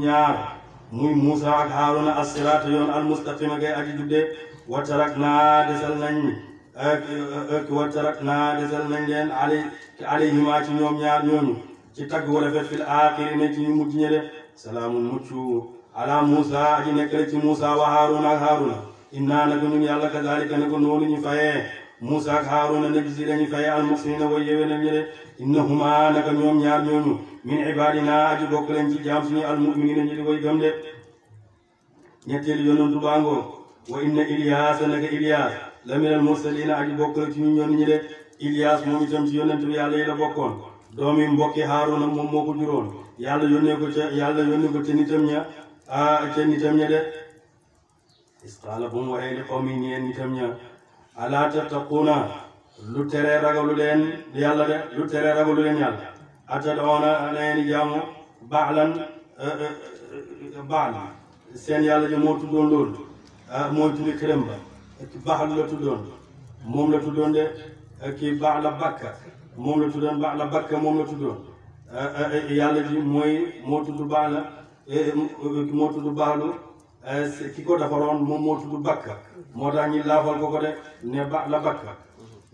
ñaar ñaar muy Moussa ak Haaruna as-siraata yoon al-mustaqima gay aji jubde wa taraknaa desal nañ ak ak na taraknaa desal nañ leen alay alayhima ci ñoom ñaar ñooñu ci tagg wa rafet fil aaxirina ci ñu mujj ñe de salaamun mucc ala Moussa aji nekkale ci Moussa wa Haaruna ak Haaruna innaa naka ñun yàlla kazaalika ne ko noonu ñu fayee Moussa ak Haaruna ne bisi lañu fayee al ñe de ñoom ñaar ñooñu min ibadina aji bokk leen ci jaam suñu almuminina ñi di koy gëm de ñetteelu yonantu bàngoo wa inna Iliyaas naka Iliyaas la minal mursalina aji bokk la ci ñu ñoon ñi de Iliyaas moom itam ci yonent bi yàlla yi la bokkoon doomi mbokki Haaruna moom moo ko juróon yàlla yónnee ko ca yàlla yónnee ko ci nitam ña ca nitam ña de isqaala bu mu waxee li xawmi ñeen nitam ña lu teree ragalu leen yàlla de lu teree ragalu leen yàlla atadoona na ngeen jaamu baalan baal seen yàlla ji moo tuddoon loolu mooy tuddi këram ba baaxal la tuddoon moom la tuddoon de kii baax la bakka moom la tuddoon baax yàlla ji mooy moo tudd baax la moo tudd baalu ki ko defaroon moom moo tudd bakka moo tax ñi laafal ko ko de ne baax la bakka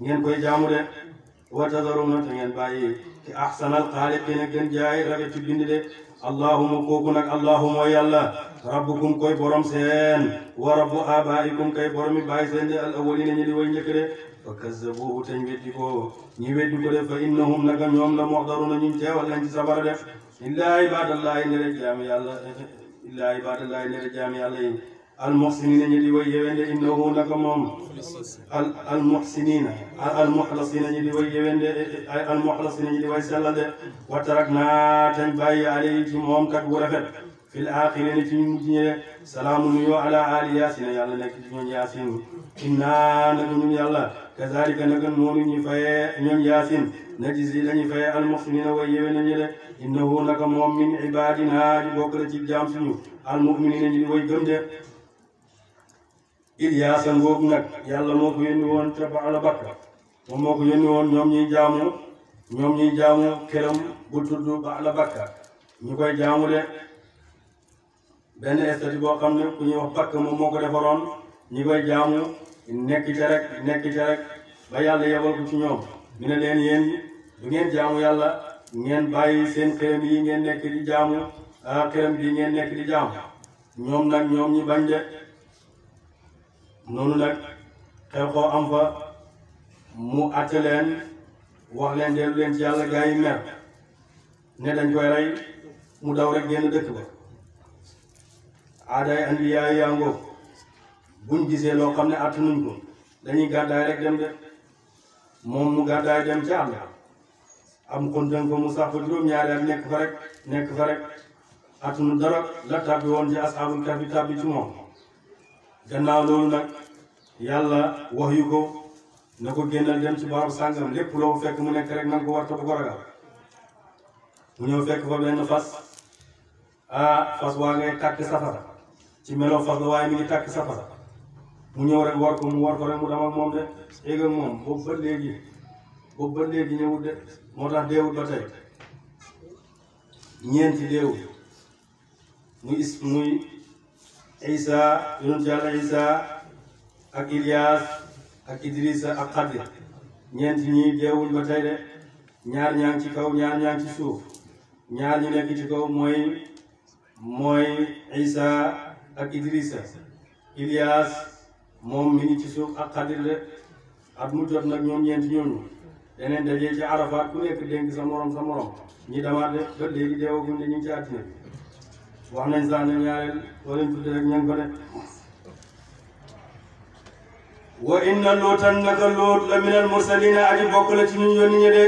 ngeen koy jaamu de wa tazaruuna te ngeen bàyyi ci ahsanal xaaliqiina gën jaay rafet ci bind de allahuma kooku nag allahu mooy yàlla rabbukum koy borom seen wa rabbu abaikum koy boromi bàyyi seen de al awwalina ñi di way njëkk de fa kazzabuhu tañ weddi ko ñi weddi ko de fa innahum naka ñoom la muxdaruna ñun teewal lañ ci sabara def illaa ibadallahi ne rek jaami yàlla illaa ibadallahi ne rek jaami yàlla yi al muxsinina ñi di way yewende innahu naka moom al al muxsinina al muxlasina ñi di way yewende al muxlasina ñi di way sellal de wa tarak naa tañ bàyyi alay ci moom kat bu rafet fi l axirina ci ñu mujj ñee salaamu nuyoo ala ali yaasina yàlla nekk ci ñoom yaasin inna naka ñun yàlla kazalika naka noonu ñu fayee ñoom yaasin najzi lañu fayee al muxsinina way yewende ñi de innahu naka moom min ibadina di bokk la ci jaam suñu al muminina ñi di way gëm de Ilyaasa ngóob nag yàlla moo ko yónni woon ca Baala Bakka moom moo ko yónni woon ñoom ñuy jaamu ñoom ñuy jaamu këram bu tudd Baala Bakka ñu koy jaamu de benn estati boo xam ne ku ñuy wax Bakka moom moo ko defaroon ñi koy jaamu nekk ca rek nekk ca rek ba yàlla yebal ko ci ñoom ñu ne leen yéen du ngeen jaamu yàlla ngeen bàyyi seen këram yi ngeen nekk di jaamu ah, këram bi ngeen nekk di jaamu ñoom nag ñoom ñi bañ de. noonu nag xew xoo am fa mu àtte leen wax leen dellu leen ci yàlla gaa yi mer ne dañ koy rey mu daw rek génn dëkk ba aadaay andi yaay bu buñ gisee loo xam ne àtt nuñ ko dañuy gàddaay rek dem de moom mu gàddaay dem ci àll am kontaan ko mu sax juróom-ñaari ak nekk fa rek nekk fa rek àtt nu dara la tàbbi woon ci asaabul kafi tàbbi ci moom gannaaw loolu nag yàlla wax yu ko na ko génnal dem ci barabu sàngam lépp loo fekk mu nekk rek na ko war ta ko ragal mu ñëw fekk fa benn fas ah fas waa ngay tàkk safara ci melo fas la waaye mi ngi tàkk safara mu ñëw rek war ko mu war ko rek mu dem moom de éeg moom boobu ba léegi boobu ba léegi ñëwut de moo tax deewut ba tey ñeenti deewut muy is muy Isa yonent yàlla Isa ak Ilias ak Idrissa ak Xadir ñeent ñi deewuñ ba tey de ñaar ñaa ci kaw ñaar ñaa ngi ci suuf ñaar ñi nekk ci kaw mooy mooy Isa ak Idrissa Ilias moom mi ngi ci suuf ak Xadir de at mu jot nag ñoom ñeent ñooñu deneen dajee ci Arafat ku nekk dénk sa morom sa morom ñi damaat de ba léegi deewaguñ de ñu ngi ci wax na sax ne ñaareel soo leen ñan ko de wa inna lootan naka loot la minal mursalina aji bokk la ci ñun yónni ñi de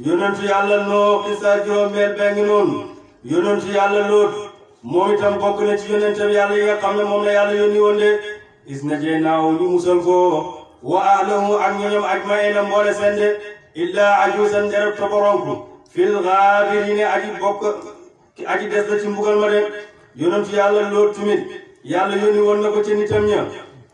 yónentu yàlla noo xisa juróom-benn bee ngi noonu moom itam bokk na ci yónentam yàlla yi nga moom la yàlla yónni woon de is na jee naaw ñu musal ko wa ahlahu ak ñoñom ajmaina mboole seen de illaa ajuusan dereb toboronku fil gaabiriina aji bokk ci aji des la ci mbugal ma de yonentu yàlla lool tamit yàlla yónni woon na ko ci nitam ña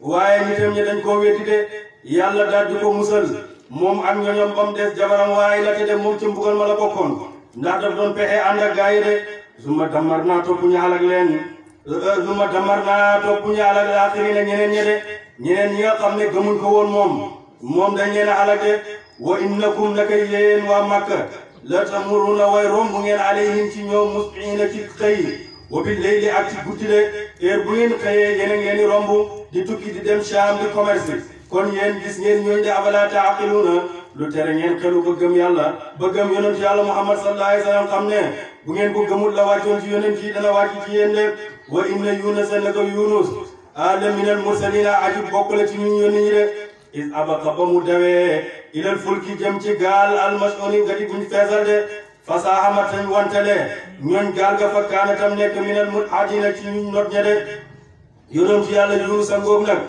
waaye nitam ña dañ koo weddi de yàlla daal di ko musal moom am ñoñom ba mu des jabaram waaye la te de moom ci mbugal ma la bokkoon ndax daf doon pexe ànd ak gaa yi de suma damar naa topp ñu la leen suma euh, euh, damar naa topp ñu alak laaxiri na ñeneen ñe de ñeneen ñi nga xam ne gëmuñ ko woon moom moom dañ leen a alak de wa innakum naka yéen waa Makka la tamuruuna way rombu ngeen alayhim ci ñoom musbihiina ci xëy wa bi leyli ak ci guddi de heure bu ngeen xëyee yéen a ngeen di romb di tukki di dem Sham di commerce kon yéen gis ngeen ñooñu di afalaa taaqiluuna lu tere ngeen xelu ba gëm yàlla ba gëm yonent yàlla muhammad sallallahu alayhi wa sallam xam ne bu ngeen ko gëmul la wàccoon ci yonent yi dana wàcc ci yéen de wa inna yunusa naka yunus ala minal mursalina aji bokk la ci ñun yónni ñi de is abaqa ba mu dawee ilal fulki jëm ci gaal almasoni nga di buñ feesal de fasaaxa ma tañ wantale ñooñ gaal ga fa kaana tam nekk minal mut adina ci ñu not ña de yonent yàlla yuusa ngoog nag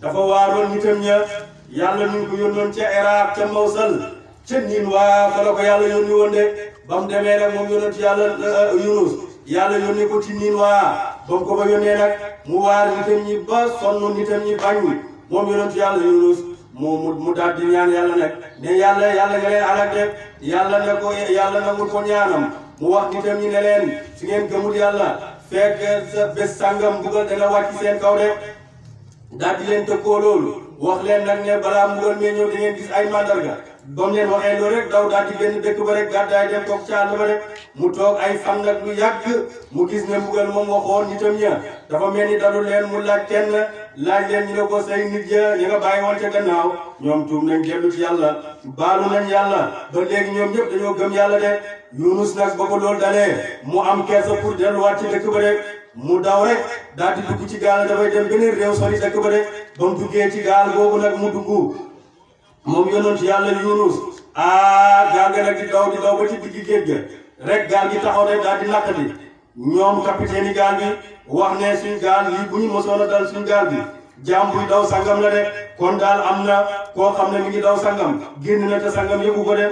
dafa waaroon nitam ña yàlla ñu ko yónnoon ca Iraq ca Mawsal ca niin waa fa la yàlla yónni woon de ba demee nag moom yonent yàlla euh, Yunus yàlla yónni ko ci niin waa ba ko ba yónnee nag mu waar nitam ñi ba sonn nitam ñi bañ moom yonent yàlla Yunus mu mu mu daal di ñaan yàlla nag ne yàlla yàlla nga leen alakteeg yàlla na ko yàlla mu ko ñaanam mu wax di dem ñi ne leen su ngeen gëmul yàlla fekk sa bés sàngam mbugal dana wàcc seen kaw de daal di leen tëkkoo loolu wax leen nag ne balaa mbugal mee ñëw da ngeen gis ay mandarga ba mu leen waxee loolu rek daw daal di génn dëkk ba rek gàddaay dem toog ca ba rek mu toog ay fan nag lu yàgg mu gis ne mbugal moom waxoon nitam ña dafa mel ni dalu leen mu laaj kenn laaj leen ñu ne ko say nit ya ña nga bàyyi woon ca gannaaw ñoom tuum nañ dellu ci yàlla baalu nañ yàlla ba léegi ñoom ñëpp dañoo gëm yàlla de Yunus nag ba ko loolu dalee mu am kersa pour delluwaat ci dëkk ba rek mu daw rek daal di dugg ci gaal dafay dem beneen réew sori dëkk ba rek ba mu mu dugg moom yonent yàlla yunus ah gaal ga nag di daw di daw ba ci digg géej ga rek gaal gi taxaw rek daal di lakkati ñoom capitaine yi gaal gi wax ne suñ gaal lii bu ñu mosoon a dal suñ gaal gi jaam buy daw sangam la de kon daal am na koo xam ne mi ngi daw sangam génn na te sangam yëgu ko de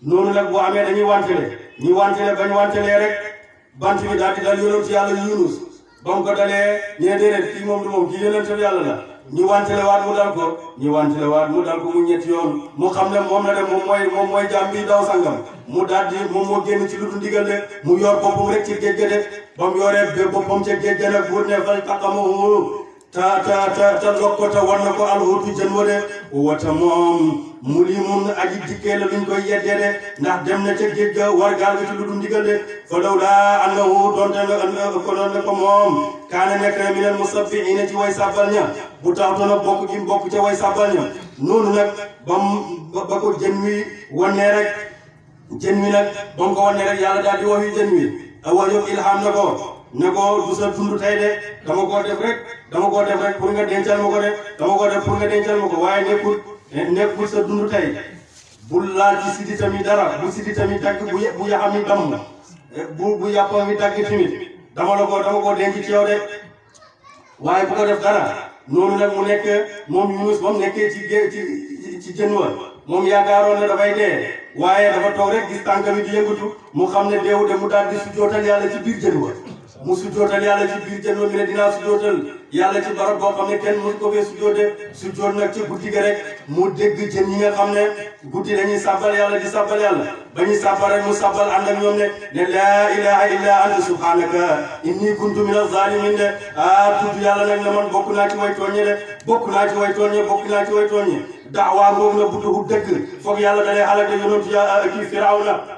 noonu nag bu amee dañuy wantele ñu wantele bañ wantelee rek bant bi daal di dal yonent yàlla yunus ba mu ko dalee nee déedéet kii moom du moom kii yonent yàlla la ñi wantele waat mu dal ko ñi wantele waat mu dal ko mu ñetti yoon mu xam ne moom la dem moom mooy moom mooy jàmm bi daw sangam mu daal di moom moo génn ci lu dul ndigal de mu yor boppam rek ci géej ga de ba mu yoree ba boppam ca géej ga nag bu ne fal taqamuhu ta ta ta ta lokko ta wan na ko alhuutu jën wa de wota moom mu lii moom aji dikkee la luñ koy yedde de ndax dem na ca géej ga war gaal ga ci lu dul ndigal de fa law laa annahu donte nga ko doon nga ko moom kaana nekk na minal musabbihiina ci way sàbbal ña bu taxtoona bokk gi bokk ca way sàbbal ña noonu nag bam ba ko jën wi wannee rek jën wi nag ba mu ko wannee rek yàlla daal di wax yu jën wi a wax ilham na ko ne ko du sa dund tey de dama koo def rek dama koo def rek pour nga dencal ma ko de dama koo def pour nga dencal ma ko waaye nekkul nekkul sa dund tey bul si ci sidi tamit dara bu sidi tamit dagg bu bu yaxam yi damm bu bu yàppam yi dagg tamit dama la ko dama koo denc ci yow de waaye bu ko def dara noonu nag mu nekk moom Yunus ba mu nekkee ci ci ci jën wa moom yaakaaroon ne dafay dee waaye dafa toog rek gis tànk bi di yëngatu mu xam ne deewu de mu daal di su jootal yàlla ci biir jën wa mu su yàlla ci biir jënoo bi ne dinaa yàlla ci barab boo xam ne kenn mënu ko fee su joote su joot nag ci guddi gi rek mu dégg jën ñi nga xam ne guddi dañuy sàbbal yàlla di sàbbal yàlla ba ñuy sàbbal rek mu sàbbal ànd ak ñoom ne ne laa ilaha illa anta subhanaka inni kuntu na azalimin de ah tudd yàlla nag ne man bokk naa ci way tooñe de bokk naa ci way tooñe bokk naa ci way tooñe daawaa boobu na budduhu dëgg foog yàlla dalee xalak de yonentu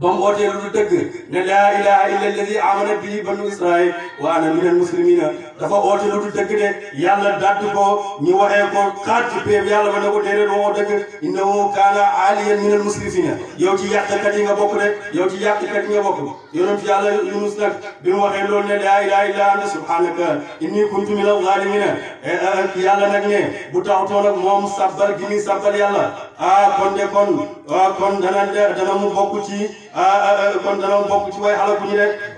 ba mu ootee lu dul dëgg ne laa ilaha illa alladi amana bihi banu israil wa ana minal muslimina dafa oote lu dul dëgg de yàlla dàdd ko ñu waxee ko xaat ci péeb yàlla ba ne ko déedéet waxoo dëgg innahu kaana aliyan min al musrifina yow ci yàqkat yi nga bokk de yow ci yàqkat yi nga bokk yonent yàlla yunus bi mu waxee loolu ne laa ilaaha illa anta subhanaka inni kuntu min al zalimina eh, eh, eh, yàlla nag ne bu taxutoon ak moom sabbal gi muy sabbal yàlla ah kon de kon ah, kon dana dana mu bokk ci ah, ah, ah kon dana mu bokk ci way xalaku ñi de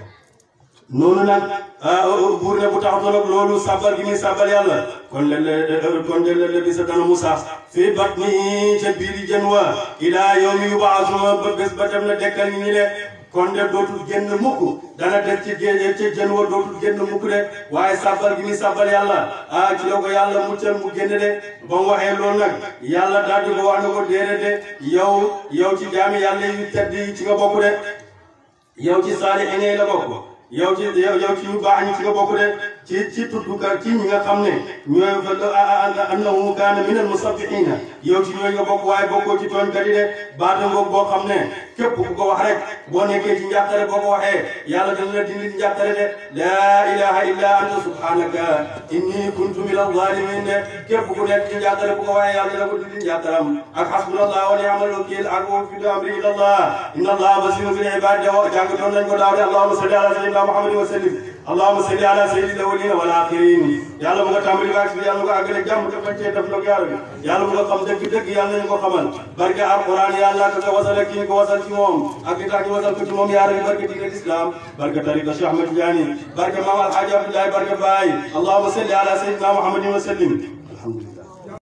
noonu nag ah, oh, oh, buur ne bu tax doon ak loolu sàbbal gi muy safar yàlla kon le kon le le bi mu sax fii bat mi ca biir jën wa ilaa yow mi yubaasuma ba bés ba dem na dekkal ñi ñi de kon de dootul génn mukk dana def ci géej ci jën wa dootul génn mukk de waaye sàbbal gi ni safar yàlla a ah, ci la yàlla yàlla muccal mu génn de ba mu waxee loolu nag yàlla daal di ko wax ne ko déedéet de yow yow ci jaami yàlla yu tedd ci nga bokk de yow ci saali añee la bokk yow ci yow yow ci yu baax ñi ci nga bokk de ci ci tuddukat ci ñi nga xam ne ñooy fa annahum kaana minal musabbihiina yow ci ñooñu nga bokk waaye bokkoo ci tooñkat yi de baata ngoog boo xam ne képp ku ko wax rek boo nekkee ci njàqare ya ko waxee yàlla dana la dindi njàqare illa anta subhanaka inni kuntu minaz zalimin de képp ku nekk ci njàqare ko waxee yàlla dana ko dindi njàqaram ak hasbunallah wa ni'mal wakil ak wa fi amri ila allah inna allah basirun bil ibad dawa jàng doon nañ ko daaw de allahumma salli ala sayyidina muhammadin wa sallim allahumma salli ala sayyidil awwalin wal yàlla mu nga tàmbali waag si bi yàlla mu nga àggale jàmm te faccee def loog yàlla bi yàlla mu nga xam dëgg-dëgg yàlla nañu ko xamal barke alquran yàlla ka nga wasale kii ko wasal ci moom ak di tax ñu wasal ko ci moom yaara bi barke diine islam barke tariqa Cheikh Ahmed Tidiane barke maam alhaaji Abdoulaye barke Baye allahuma salli ala sayyidina muhammadin wa sallim alhamdulillah